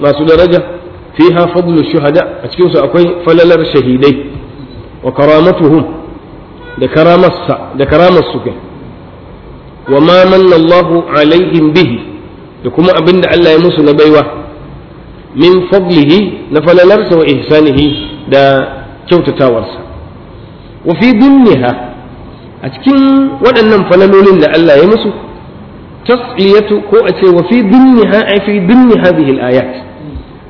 masu daraja fiha fadlu shuhada a cikin su akwai falalar shahidai wa karamatuhum da karamarsa da wa ma manna Allahu bihi da kuma abin da musu na baiwa min fadlihi na falalarsa wa ihsanihi da kyautatawarsa wa fi a cikin waɗannan falalolin da Allah ya musu tas'iyatu ko a ce wa fi dunniha fi dunni hadhihi ayat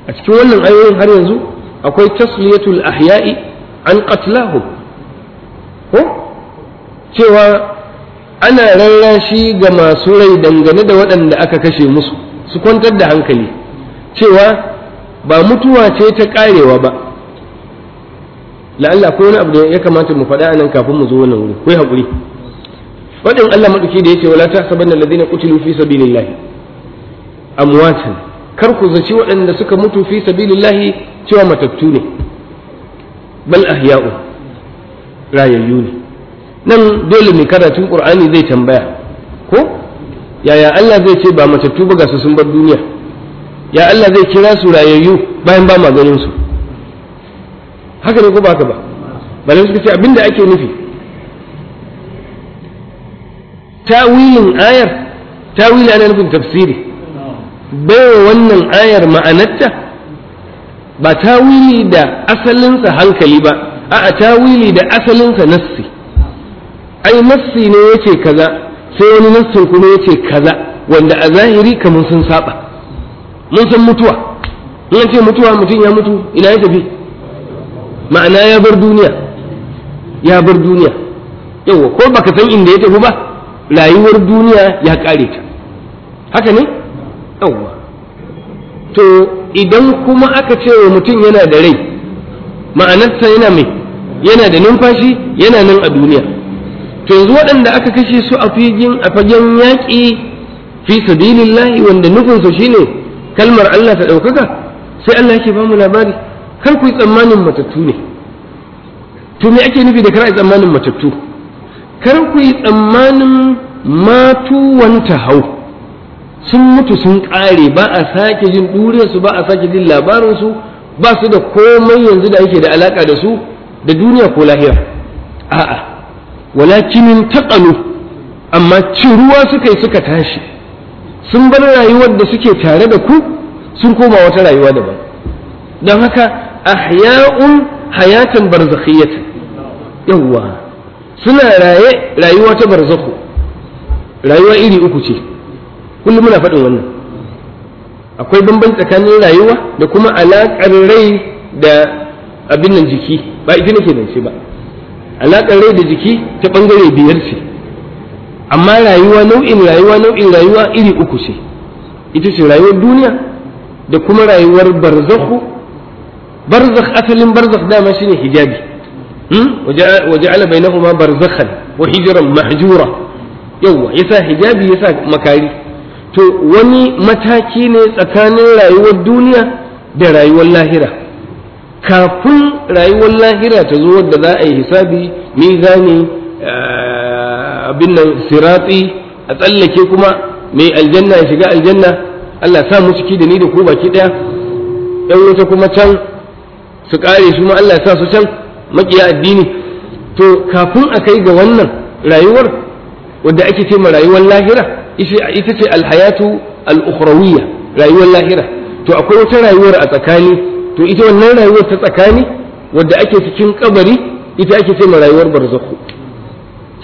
a cikin wannan ayoyin har yanzu akwai tasliyatul ahya'i an qatlahum ko cewa ana rarrashi ga masu rai dangane da waɗanda aka kashe musu su kwantar da hankali cewa ba mutuwa ce ta karewa ba la'alla ko wani abu da ya kamata mu faɗa anan kafin mu zo wannan wuri ko hakuri faɗin Allah maɗuki da ce wala ta tahsabanna ladina qutilu fi sabilillah amwatan kar ku zaci waɗanda suka mutu fi sabilillahi cewa matattu ne bal ahya'u rayayyu ne nan dole mai karatun qur'ani zai tambaya ko yaya Allah zai ce ba matattu ba ga su sun bar duniya ya Allah zai kira su rayayyu bayan ba ma ganin su haka ne ko ba haka ba balai suka ce abinda ake nufi tawilin ayar tawilin ana nufin tafsiri baiwa wannan ayar ma'anarta ba tawili da asalinsa hankali ba a'a tawili da asalinsa nassi ai nassi ne yace kaza sai wani nassin kuma yace kaza wanda a zahiri kamar sun saba mun san mutuwa in ce mutuwa mutum ya mutu ina ya tafi ma'ana ya bar duniya ya bar duniya yawa ko baka san inda ya tafi ba rayuwar duniya ya kare ta haka ne yawwa to idan kuma aka ce wa mutum yana da rai ma'anarsa yana mai yana da numfashi yana nan a duniya to yanzu waɗanda aka kashe su a fagen yaƙi fi sabilillahi wanda nufinsa shine kalmar Allah ta ɗaukaka sai Allah yake bamu labari kar ku yi tsammanin matattu ne to me ake nufi da kar a tsammanin matattu kar ku yi tsammanin matuwan hau sun mutu sun ƙare ba a sake jin ɗure ba a sake jin labarin su ba su da komai yanzu da ake da alaka da su da duniya ko lahira a'a walakin taqalu amma ruwa suka yi suka tashi sun bar rayuwar da suke tare da ku sun koma wata rayuwa daban don haka ahya'un hayatan barzakhiyatan yawwa suna raye rayuwa ta barzakhu rayuwa iri uku ce kullum muna faɗin wannan akwai bambam tsakanin rayuwa da kuma alaƙar rai da abin nan jiki ba ita nake ce ba alaƙar rai da jiki ta ɓangare biyar ce amma rayuwa nau'in rayuwa nau'in rayuwa iri uku ce ita ce rayuwar duniya da kuma rayuwar barzakhu barzakh asalin barzakh dama shine hijabi hmm? waja'ala bainahuma barzakhan wa hijran mahjura yawa yasa hijabi yasa makari to wani mataki ne tsakanin rayuwar duniya da rayuwar lahira kafin rayuwar lahira ta zo wadda za a yi hisabi ni gane eh, abin nan siratsi a tsallake kuma mai aljanna ya shiga aljanna Allah sa mu ciki da ni da ku baki daya ɗan wata kuma can su ƙare su ma Allah sa su can makiya addini to kafin a kai ga wannan rayuwar wadda ake ce ma rayuwar lahira ita ce alhayatu al'ukhrawiyya rayuwar lahira to akwai wata rayuwar a tsakani to ita wannan rayuwar ta tsakani wadda ake cikin kabari ita ake ce ma rayuwar Barzaku.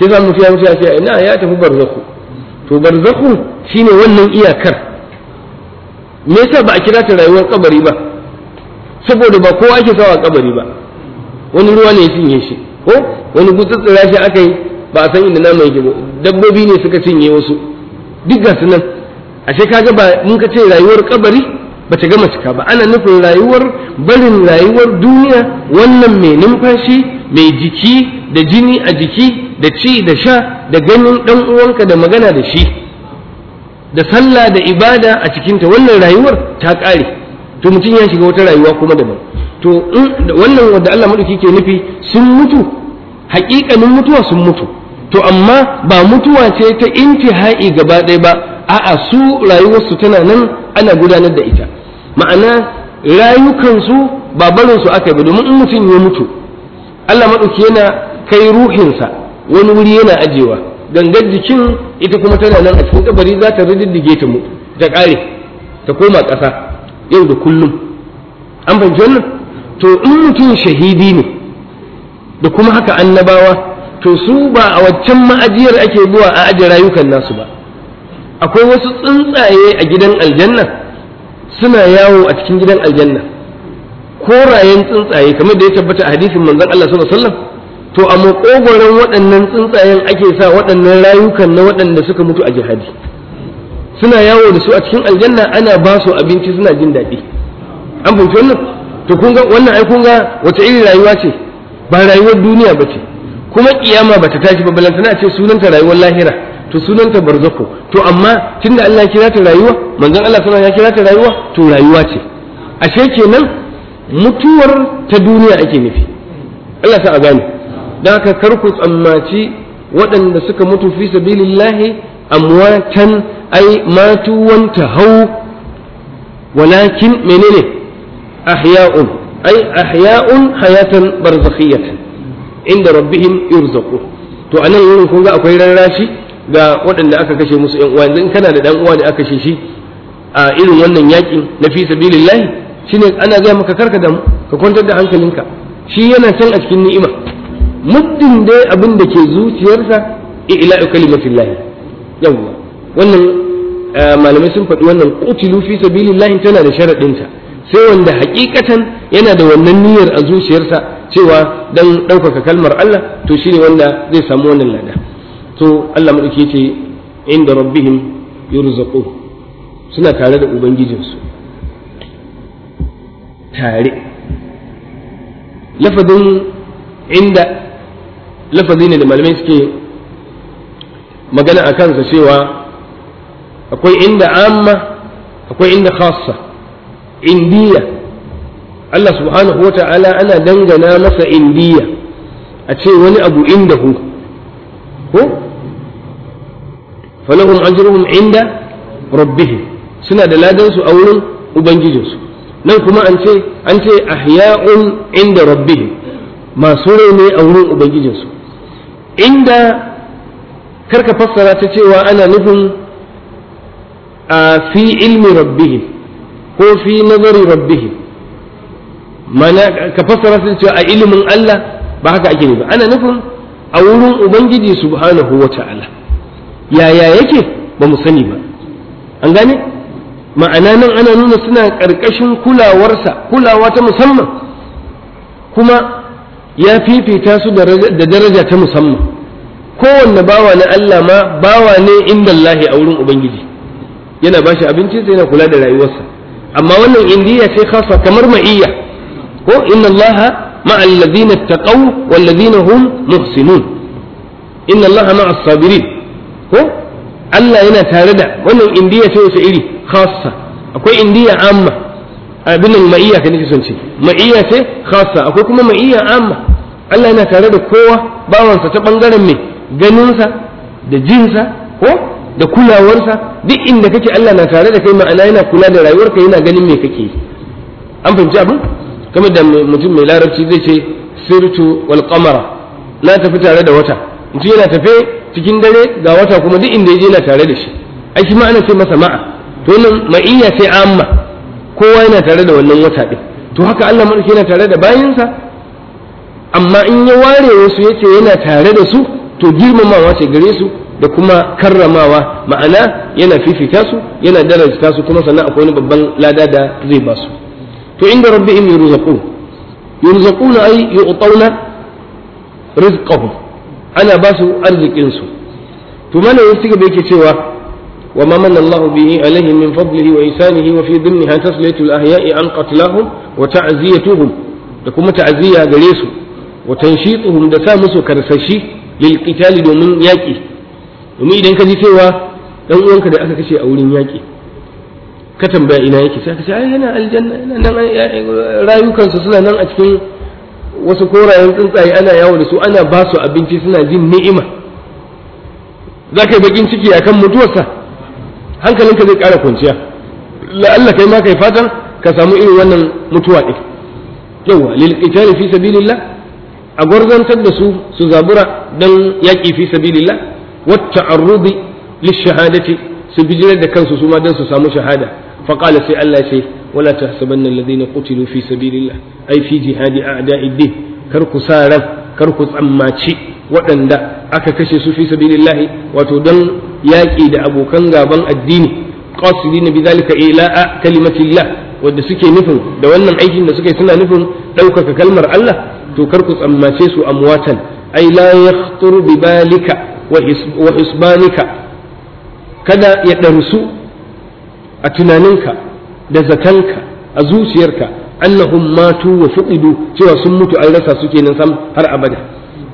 sai za mu fiya mu ce ina ya tafi Barzaku. to shi shine wannan iyakar me yasa ba a kira ta rayuwar kabari ba saboda ba kowa ake sawa kabari ba wani ruwa ne ya cinye shi ko wani gutsutsura shi aka yi ba a san inda nama yake dabbobi ne suka cinye wasu duk ga su nan ashe kaga ba mun ka ce rayuwar kabari ba ta gama cika ba ana nufin rayuwar barin rayuwar duniya wannan mai numfashi mai jiki da jini a jiki da ci da sha da ganin dan uwanka da magana da shi da sallah da ibada a cikinta wannan rayuwar ta kare to mutum ya shiga wata rayuwa kuma daban to wannan wanda Allah madauki ke nufi sun mutu haƙiƙanin mutuwa sun mutu to amma ba mutuwa ce ta intihai gaba ɗaya ba a'a su rayuwarsu tana nan ana gudanar da ita ma'ana rayukansu ba barinsu aka yi ba domin in mutum ya mutu Allah maɗauki yana kai ruhinsa wani wuri yana ajewa gangar jikin ita kuma tana nan a cikin kabari za ta rididdige ta mutu ta ƙare ta koma ƙasa yau da kullum an fahimci wannan to in mutum shahidi ne da kuma haka annabawa to su ba a waccan ma'ajiyar ake zuwa a ajiye rayukan nasu ba akwai wasu tsuntsaye a gidan aljanna suna yawo a cikin gidan aljanna korayen tsuntsaye kamar da ya tabbata a hadisin manzon Allah sallallahu alaihi to a makogoron waɗannan tsuntsayen ake sa waɗannan rayukan na waɗanda suka mutu a jihadi suna yawo da su a cikin aljanna ana ba su abinci suna jin daɗi an fahimci wannan to kun ga wannan ai kun ga wata irin rayuwa ce ba rayuwar duniya ba ce kuma kiyama bata tashi ba balantana ce sunanta rayuwar lahira to sunanta barzakho to amma tunda Allah ya kira ta rayuwa manzon Allah sallallahu alaihi ya kira ta rayuwa to rayuwa ce ashe kenan mutuwar ta duniya ake nufi Allah sa a gane don haka kar ku tsammaci waɗanda suka mutu fi sabilillahi amwatan ai matu wanta hau walakin menene ahya'un ai ahya'un hayatan barzakhiyatan inda rabbihim yurzaqu to anan wurin kun ga akwai rarrashi ga waɗanda aka kashe musu ƴan uwa Idan kana da ɗan uwa da aka shi a irin wannan yaƙin, na fi sabilillahi shine ana gaya maka karka damu ka kwantar da hankalinka shi yana can a cikin ni'ima muddin dai abin da ke zuciyarsa ila kalimatillahi yawwa wannan eh, malamai sun faɗi wannan qutilu fi sabilillahi tana da sharaɗinta sai wanda hakikatan yana da wannan niyyar a zuciyarsa cewa dan ɗaukaka kalmar Allah to shine wanda zai samu wannan lada to Allah ke ce inda rabbihim yurzaqu suna tare da ubangijinsu tare lafazin inda lafazi ne da malamai suke magana a kansa cewa akwai inda amma akwai inda khassa indiya Allah subhanahu ta'ala ana dangana masa indiya a ce wani abu inda ku ko falahum ajruhum inda rabbihim suna da ladan a wurin ubangijinsu nan kuma an ce an ce ahya'un inda rabbihim masu rai ne a wurin ubangijinsu inda karka fassara ta cewa ana nufin a fi ilmi rabbihim ko fi nazari rabbihim mana ka fassara sun cewa a ilimin Allah ba haka ake ba. ana nufin a wurin ubangiji subhanahu wa ta'ala yaya yake ba mu sani ba an gane ma'ana nan ana nuna suna ƙarƙashin kulawarsa kulawa ta musamman kuma ya fifita su da daraja ta musamman kowanne bawa na Allah ma bawa ne inda Allahi a wurin ubangiji yana ba shi abincinsa yana kula da rayuwarsa amma wannan indiya ce khasa kamar ma'iyya ko inna allaha ma'a alladhina taqaw wal ladina hum muhsinun inna allaha ma'a as-sabirin ko Allah yana tare da wannan indiya ce wasu iri khassa akwai indiya amma abin ma'iyya ka nake son ce ma'iyya ce khassa akwai kuma ma'iyya amma Allah yana tare da kowa bawansa ta bangaren me ganinsa da jinsa ko da kulawarsa duk inda kake Allah na tare da kai ma'ana yana kula da rayuwarka yana ganin me kake an fahimci abin kamar da mutum mai larabci zai ce sirtu wal qamara na tafi tare da wata mutum yana tafe cikin dare ga wata kuma duk inda yaje yana tare da shi ai shi ma'ana sai masa ma'a to nan ma'iyya sai amma kowa yana tare da wannan wata din to haka Allah mu yana tare da bayinsa amma in ya ware wasu yace yana tare da su to girmamawa ce gare su da kuma karramawa ma'ana yana fifita su yana darajta su kuma sannan akwai wani babban lada da zai ba su to inda rabbihim yurzaqun yurzaqun ay yu'tawna rizqahum ana ba su arzikin wasu to mana yake gaba yake cewa wa ma manna Allahu bihi alaihim min fadlihi wa ihsanihi wa fi dhimmiha tasliyatul ahya'i an qatlahum wa ta'ziyatuhum da kuma ta'ziya gare su wa tanshituhum da sa musu karsashi lil qitali domin yaƙi. domin idan ka ji cewa ɗan uwanka da aka kashe a wurin yaƙi. ka tambaya ina yake sai ka ce ai yana aljanna yana nan rayukansu suna nan a cikin wasu korayen tsuntsaye ana yawo da su ana ba su abinci suna jin ni'ima za ka yi bakin ciki akan mutuwarsa hankalinka zai ƙara kwanciya la'alla kai ma kai fatan ka samu irin wannan mutuwa ɗin yawa lil fi sabilillah a gwarzantar da su su zabura don yaƙi fi sabilillah wa ta'arrudi lish shahadati su bijirar da kansu su ma dan su samu shahada فقال سي الله شيء ولا تحسبن الذين قتلوا في سبيل الله اي في جهاد اعداء الدين كركو سارا كركو تماشي ودندا aka kashe su fi sabilillahi wato don yaƙi da abokan gaban addini qasidi na bizalika ila a kalimatillah wanda suke nufin da wannan aikin da suke suna nufin ɗaukaka kalmar Allah to kar ku tsammace su amwatan ay la yakhtur bibalika wa hisbanika kada ya darsu a tunaninka da zatanka a zuciyarka annahum matu wa fuqidu cewa sun mutu an rasa su kenan sam har abada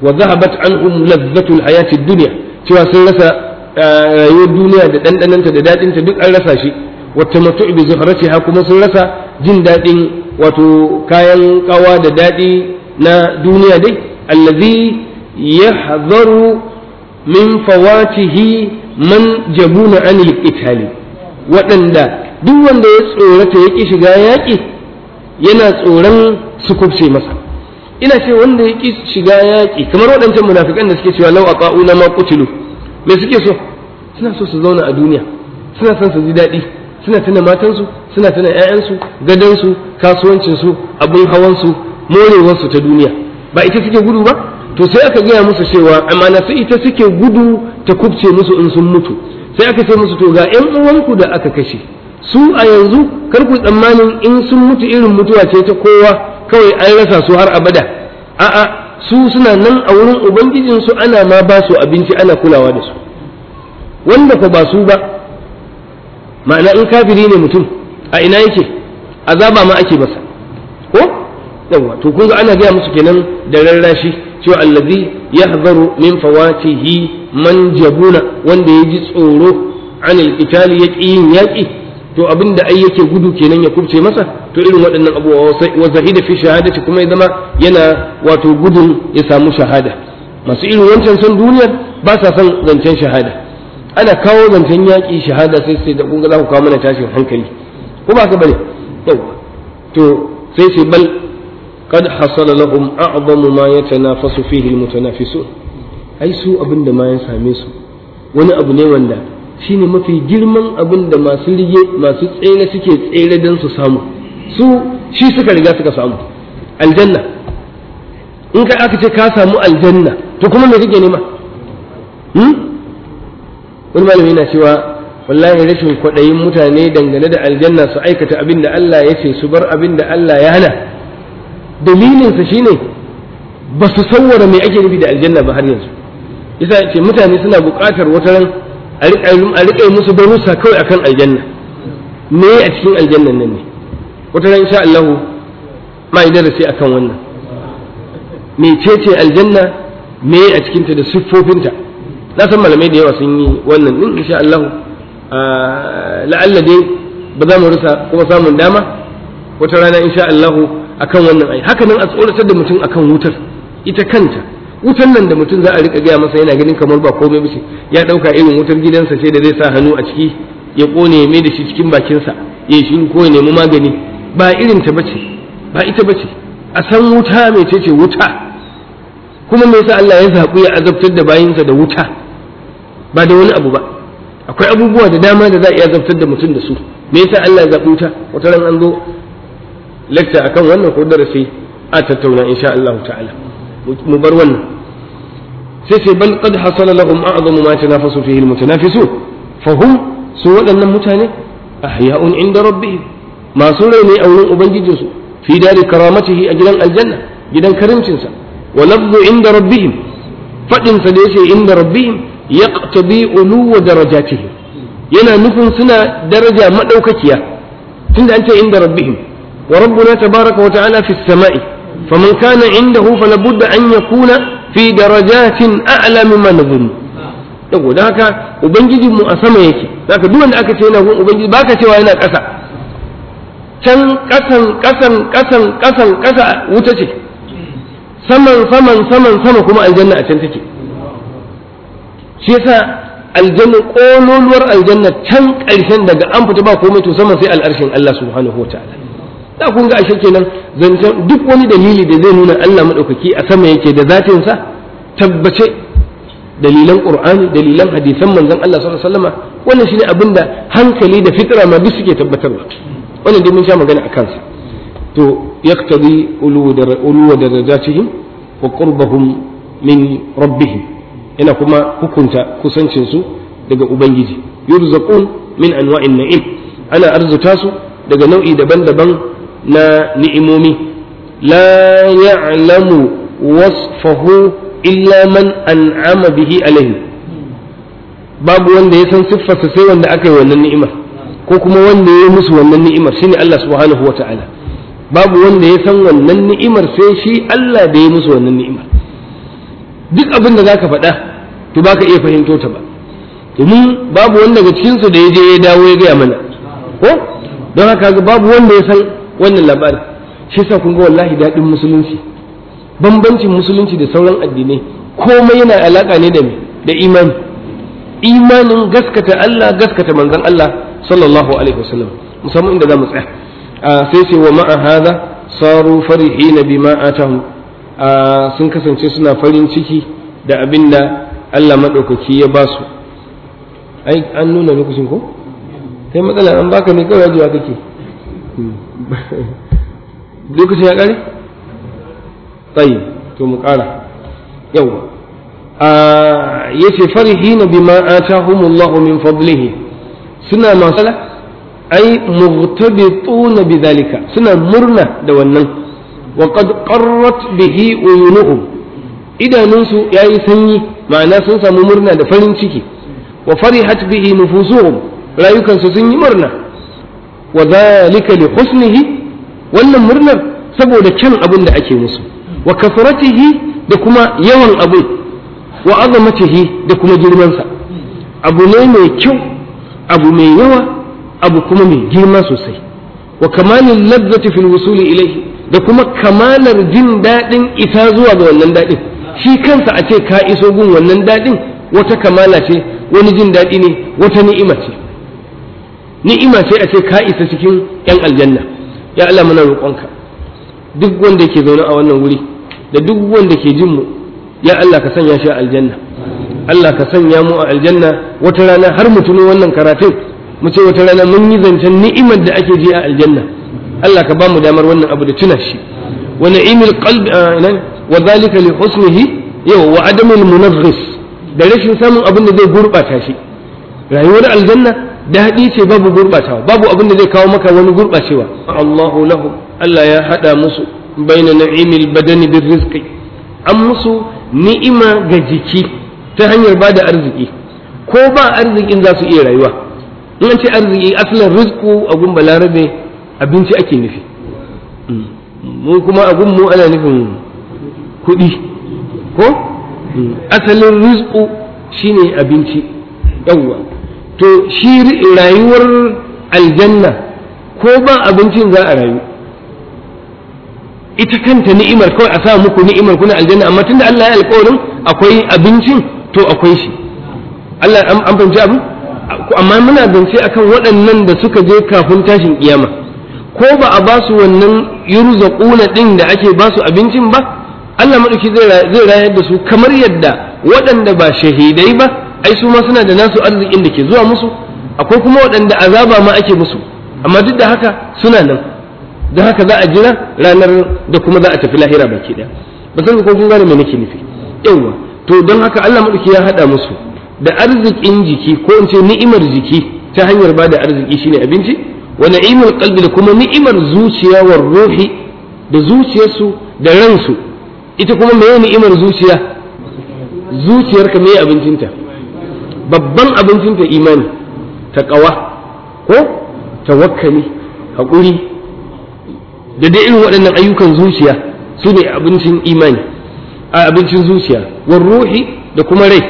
wa zahabat anhum ladzatul hayati dunya cewa sun rasa eh, rayuwar duniya da dandananta da ta duk an rasa shi wa tamattu bi zuhratiha kuma sun rasa jin dadin wato kayan kawa da dadi na duniya dai allazi yahzaru min fawatihi man jabuna anil qitali waɗanda duk wanda ya tsorata ya shiga yaƙi yana tsoron su kubce masa ina ce wanda ya ki shiga yaƙi kamar waɗancan munafikan da suke cewa lau a ƙa'una ma kutilu me suke so suna so su zauna a duniya suna son su ji daɗi suna tana matansu suna tana 'ya'yansu, gadonsu kasuwancinsu abin hawansu morewarsu ta duniya ba ita suke gudu ba to sai aka gaya musu cewa amma na su ita suke gudu ta kubce musu in sun mutu sai aka ce musu to ga ƴan uwanku da aka kashe su a yanzu kar ku tsammanin in sun mutu irin mutuwa ce ta kowa kawai an rasa su har abada a'a su suna nan a wurin ubangijinsu ana ma ba su abinci ana kulawa da su wanda fa ba su ba ma'ana in kafiri ne mutum a ina yake azaba ma ake masa ko yawa to kun ga ana gaya musu kenan da rarrashi cewa allazi yahzaru min fawatihi man jabuna wanda ya ji tsoro an qitali ya yin yaƙi to abin da ai yake gudu kenan ya kubce masa to irin waɗannan abubuwa wa zahida fi shahadati kuma ya zama yana wato gudun ya samu shahada masu irin wancan son duniyar ba sa son zancen shahada ana kawo zancen yaƙi shahada sai sai da kun ga za ku kawo mana tashin hankali ko ba ka bane yawa to sai sai bal qad hasala lahum a'zamu ma yatanafasu fihi almutanafisun ai su abin da ma ya same su wani abu ne wanda shine mafi girman abin da masu rige masu tsere suke tsere don su samu su shi suka riga suka samu aljanna in ka aka ce ka samu aljanna to kuma me kake nema wani malami yana cewa wallahi rashin kwaɗayin mutane dangane da aljanna su aikata abin da Allah ya ce su bar abin da Allah ya hana dalilinsa shine ba su sauwara mai ake nufi da aljanna ba har yanzu isa ce mutane suna buƙatar wata ran a riƙa musu darussa kawai akan aljanna me a cikin aljannan nan ne wata ran insha Allah ma yi darasi akan wannan Me ce, ce aljanna me a cikinta da siffofinta na san malamai da yawa sun yi wannan din insha Allah ah, la'alla dai ba za mu rasa kuma samun dama wata rana insha Allah akan wannan ai haka nan a tsoratar da mutum akan wutar ita kanta wutar nan da mutum za a rika gaya masa yana ganin kamar ba komai ba ya dauka irin wutar gidansa ce da zai sa hannu a ciki ya kone mai da shi cikin bakinsa ya shi ko ya nemi magani ba irin ta bace ba ita bace a san wuta mai ce wuta kuma me yasa Allah ya zaɓi ya azabtar da bayinsa da wuta ba da wani abu ba akwai abubuwa da dama da za a iya azabtar da mutum da su me yasa Allah ya zaɓi wuta wata ran an zo lecture akan wannan ko darasi a tattauna insha Allah ta'ala mu bar wannan sai sai bal qad hasala lahum a'zamu ma tanafasu fihi almutanafisun fa hum su waɗannan mutane ahya'un inda rabbihim masu rai ne a wurin su fi dari karamatihi a gidan aljanna gidan karimcinsa wa faɗin inda rabbihim faɗinsa da yace inda rabbihim yaqtabi uluwa darajatihim yana nufin suna daraja madaukakiya tunda an ce inda rabbihim وربنا تبارك وتعالى في السماء فمن كان عنده فلابد أن يكون في درجات أعلى مما نظن يقول ذاك أبنجد مؤسما يكي ذاك دون أكتين أبنجد باك سوى هنا كسا كسن كسن كسن كسن كسن كسا وتشي سمن سمن سمن سمن كما الجنة أتنتكي شيسا الجنة قولوا الور الجنة كان أرشن دقا أمبتبا قومتوا سمن سي الأرشن الله سبحانه وتعالى da kun ga ashe kenan zancen duk wani dalili da zai nuna Allah madaukaki a sama yake da zatin sa tabbace dalilan qur'ani dalilan hadisan manzon Allah sallallahu alaihi wasallama wannan shine abin da hankali da fitra ma duk suke tabbatarwa wannan dai mun sha magana akan sa to yaqtadi ulu darajatihim wa qurbahum min rabbihim ina kuma hukunta kusancin su daga ubangiji yurzaqun min anwa'in na'im ana arzuta su daga nau'i daban-daban na ni'imomi la ya'lamu wasfahu illa man an'ama bihi alayhi babu wanda ya san siffarsa sai wanda aka yi wannan ni'imar ko kuma wanda ya yi musu wannan ni'imar shine Allah subhanahu wa ta'ala babu wanda ya san wannan ni'imar sai shi Allah da ya musu wannan ni'imar duk abin da zaka faɗa to baka iya fahimto ta ba domin babu wanda daga cikin su da ya je ya dawo ya gaya mana ko don haka babu wanda ya san wannan labarin shi yasa kun ga wallahi daɗin musulunci bambancin musulunci da sauran addinai komai yana alaka ne da da imani imanin gaskata Allah gaskata manzon Allah sallallahu alaihi wasallam musamman inda zamu tsaya sai sai wa ma'a hadha saru farihin bima atahum sun kasance suna farin ciki da abinda Allah madaukaki ya ba su ai an nuna lokacin ko kai matsala an baka ne kawai jiwa kake hmm. lokacin ya kare? tsayi to mu ƙara yau ah, ya ce farihi na bi ma'ata humullahu min fadlihi suna masu ai murtabituna bi zalika suna murna da wannan wa qad qarrat bihi uyunuhum idanunsu yayi sanyi ma'ana sun samu murna da farin ciki wa farihat bihi nufusuhum rayukansu sun yi murna wa zalika li husnihi wannan murnar saboda kyan abin da ake musu wa kasratihi da kuma yawan abin wa azamatihi da kuma sa, abu ne mai kyau abu mai yawa abu kuma mai girma sosai wa kamalin ladzati fil wusuli ilayhi da kuma kamalar jin daɗin isa zuwa ga wannan daɗin shi kansa a ce ka iso gun wannan daɗin wata kamala ce wani jin daɗi ne wata ni'ima ce ni'ima sai a ce ka isa cikin yan aljanna ya Allah muna roƙonka duk wanda ke zaune a wannan wuri da duk wanda ke jin mu ya Allah ka sanya shi a aljanna Allah ka sanya mu a aljanna wata rana har mu tuno wannan karatun mu ce wata rana mun yi zancen ni'imar da ake ji a aljanna Allah ka ba mu damar wannan abu da tuna shi wa na'imil qalbi wa zalika li husnihi yau wa adamul munaghis da rashin samun abin da zai gurɓata shi rayuwar aljanna daɗi ce babu gurɓatawa babu abin da zai kawo maka wani gurɓacewa Allahu lahu Allah ya haɗa musu baina na'imil badani bir rizqi an musu ni'ima ga jiki ta hanyar bada arziki ko ba arzikin za su iya rayuwa in an ce arziki asalin rizku a gun balarabe abinci ake nufi mm. mu kuma a gun mu ana nufin kuɗi ko mm. asalin rizku shine abinci yawwa to shi rayuwar aljanna ko ba abincin za a rayu ita kanta ni'imar kawai a sa muku ni'imar kuna aljanna amma tunda Allah ya alƙawarin akwai abincin to akwai shi Allah an fahimci abu amma muna zance akan waɗannan da suka je kafin tashin kiyama ko ba a ba su wannan yurzaquna din da ake ba su abincin ba Allah madauki zai rayar da su kamar yadda waɗanda ba shahidai ba ai su ma suna da nasu arzikin da ke zuwa musu akwai kuma waɗanda azaba ma ake musu amma duk da haka suna nan don haka za a jira ranar da kuma za a tafi lahira baki ɗaya ba san ko kun gane me nake nufi yawa to don haka Allah madauki ya hada musu da arzikin jiki ko in ce ni'imar jiki ta hanyar ba da arziki shine abinci wa na'imul qalbi da kuma ni'imar zuciya wa ruhi da zuciyarsu da ransu ita kuma meye ni'imar zuciya zuciyarka meye abincinta babban abincin ta imani ta ƙawa ko ta wakali haƙuri da dai irin waɗannan ayyukan zuciya su ne abincin imani a abincin zuciya war ruhi da kuma rai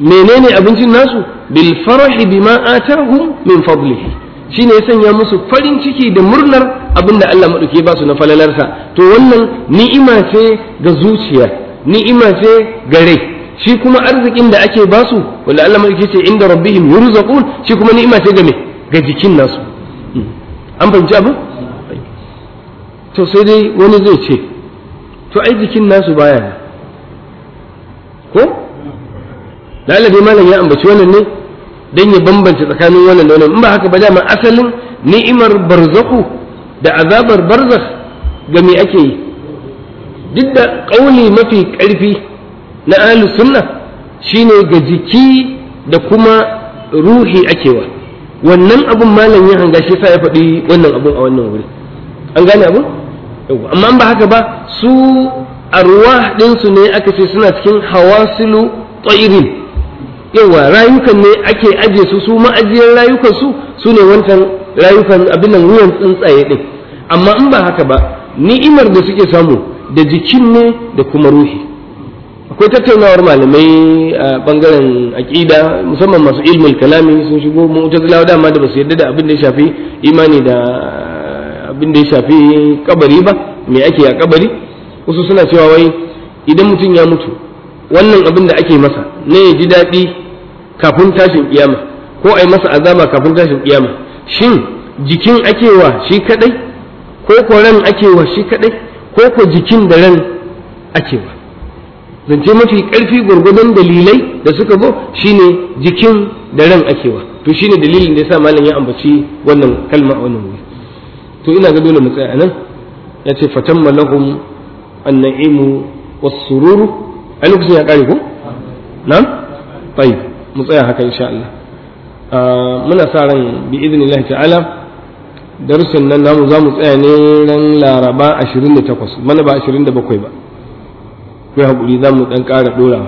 menene abincin nasu bil farahi bima atahum min fadlihi shine ya sanya musu farin ciki da murnar abinda Allah madauke ba su na falalarsa to wannan ni'ima ce ga zuciya ni'ima ce ga rai shi kuma arzikin da ake basu wala Allah mai ce inda rabbihim yurzaqun shi kuma ni'ima ce ga me ga jikin nasu hmm. an fahimci abu to sai dai wani zai ce to ai jikin nasu baya ne, ko lalabe malam ya ambaci wannan ne dan ya bambance tsakanin wannan da wannan in ba haka ba dama asalin ni'imar barzaku da azabar barzakh ga me ake yi duk da kauli mafi karfi na ahli sunna shine ga jiki da kuma ruhi akewa wannan abun malam ya hanga shi sa ya faɗi wannan abun a wannan wuri an gane abun amma ba haka ba su arwah ɗinsu ne aka ce suna cikin hawasilu tsayirin yawa rayukan ne ake aje su su ma'ajiyar rayukan su su ne wancan rayukan abin nan wuyan tsuntsaye ɗin amma in ba haka ba ni'imar da suke samu da jikin ne da kuma ruhi akwai tattaunawar malamai a bangaren aƙida musamman masu ilmul kalami sun shigo zilawa dama da basu yarda da abin da ya shafi imani da abin da ya shafi kabari ba me ake a kabari wasu suna cewa wai idan mutum ya mutu wannan abin da ake masa ne ya ji daɗi kafin tashin kiyama ko a yi masa azama kafin tashin kiyama shin jikin ake wa shi kadai ko ko ran ake wa shi kadai ko ko jikin da ran ake wa zance mafi ƙarfi gurgudan dalilai da suka zo shine jikin da ran akewa to shine dalilin da yasa malam ya ambaci wannan kalma a wannan wuri to ina ga dole mu tsaya nan ya ce fatan lahum an-na'imu was-sururu a lokacin ya kare ko na'am tayyib mu tsaya haka insha Allah ah, muna sa ran bi idnillahi ta'ala darussan nan namu za mu tsaya ne ran laraba 28 mana ba 27 ba ku haƙuri za mu ɗan ƙara ɗorawa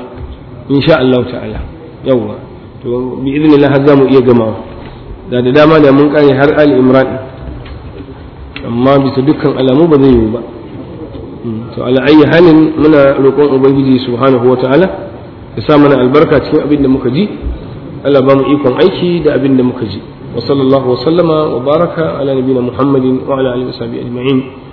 insha Allah ta'ala yawwa to bi idnillah har za mu iya gamawa da da dama da mun ƙare har Ali Imran amma bisa dukkan alamu ba zai yiwu ba mm, to ala ayi halin muna roƙon ubangiji subhanahu wa ta'ala ya sa mana albarka cikin abin da muka ji Allah ba mu ikon aiki da abin da muka ji wa sallallahu wa sallama wa baraka ala nabiyina muhammadin wa ala alihi wa sahbihi ajma'in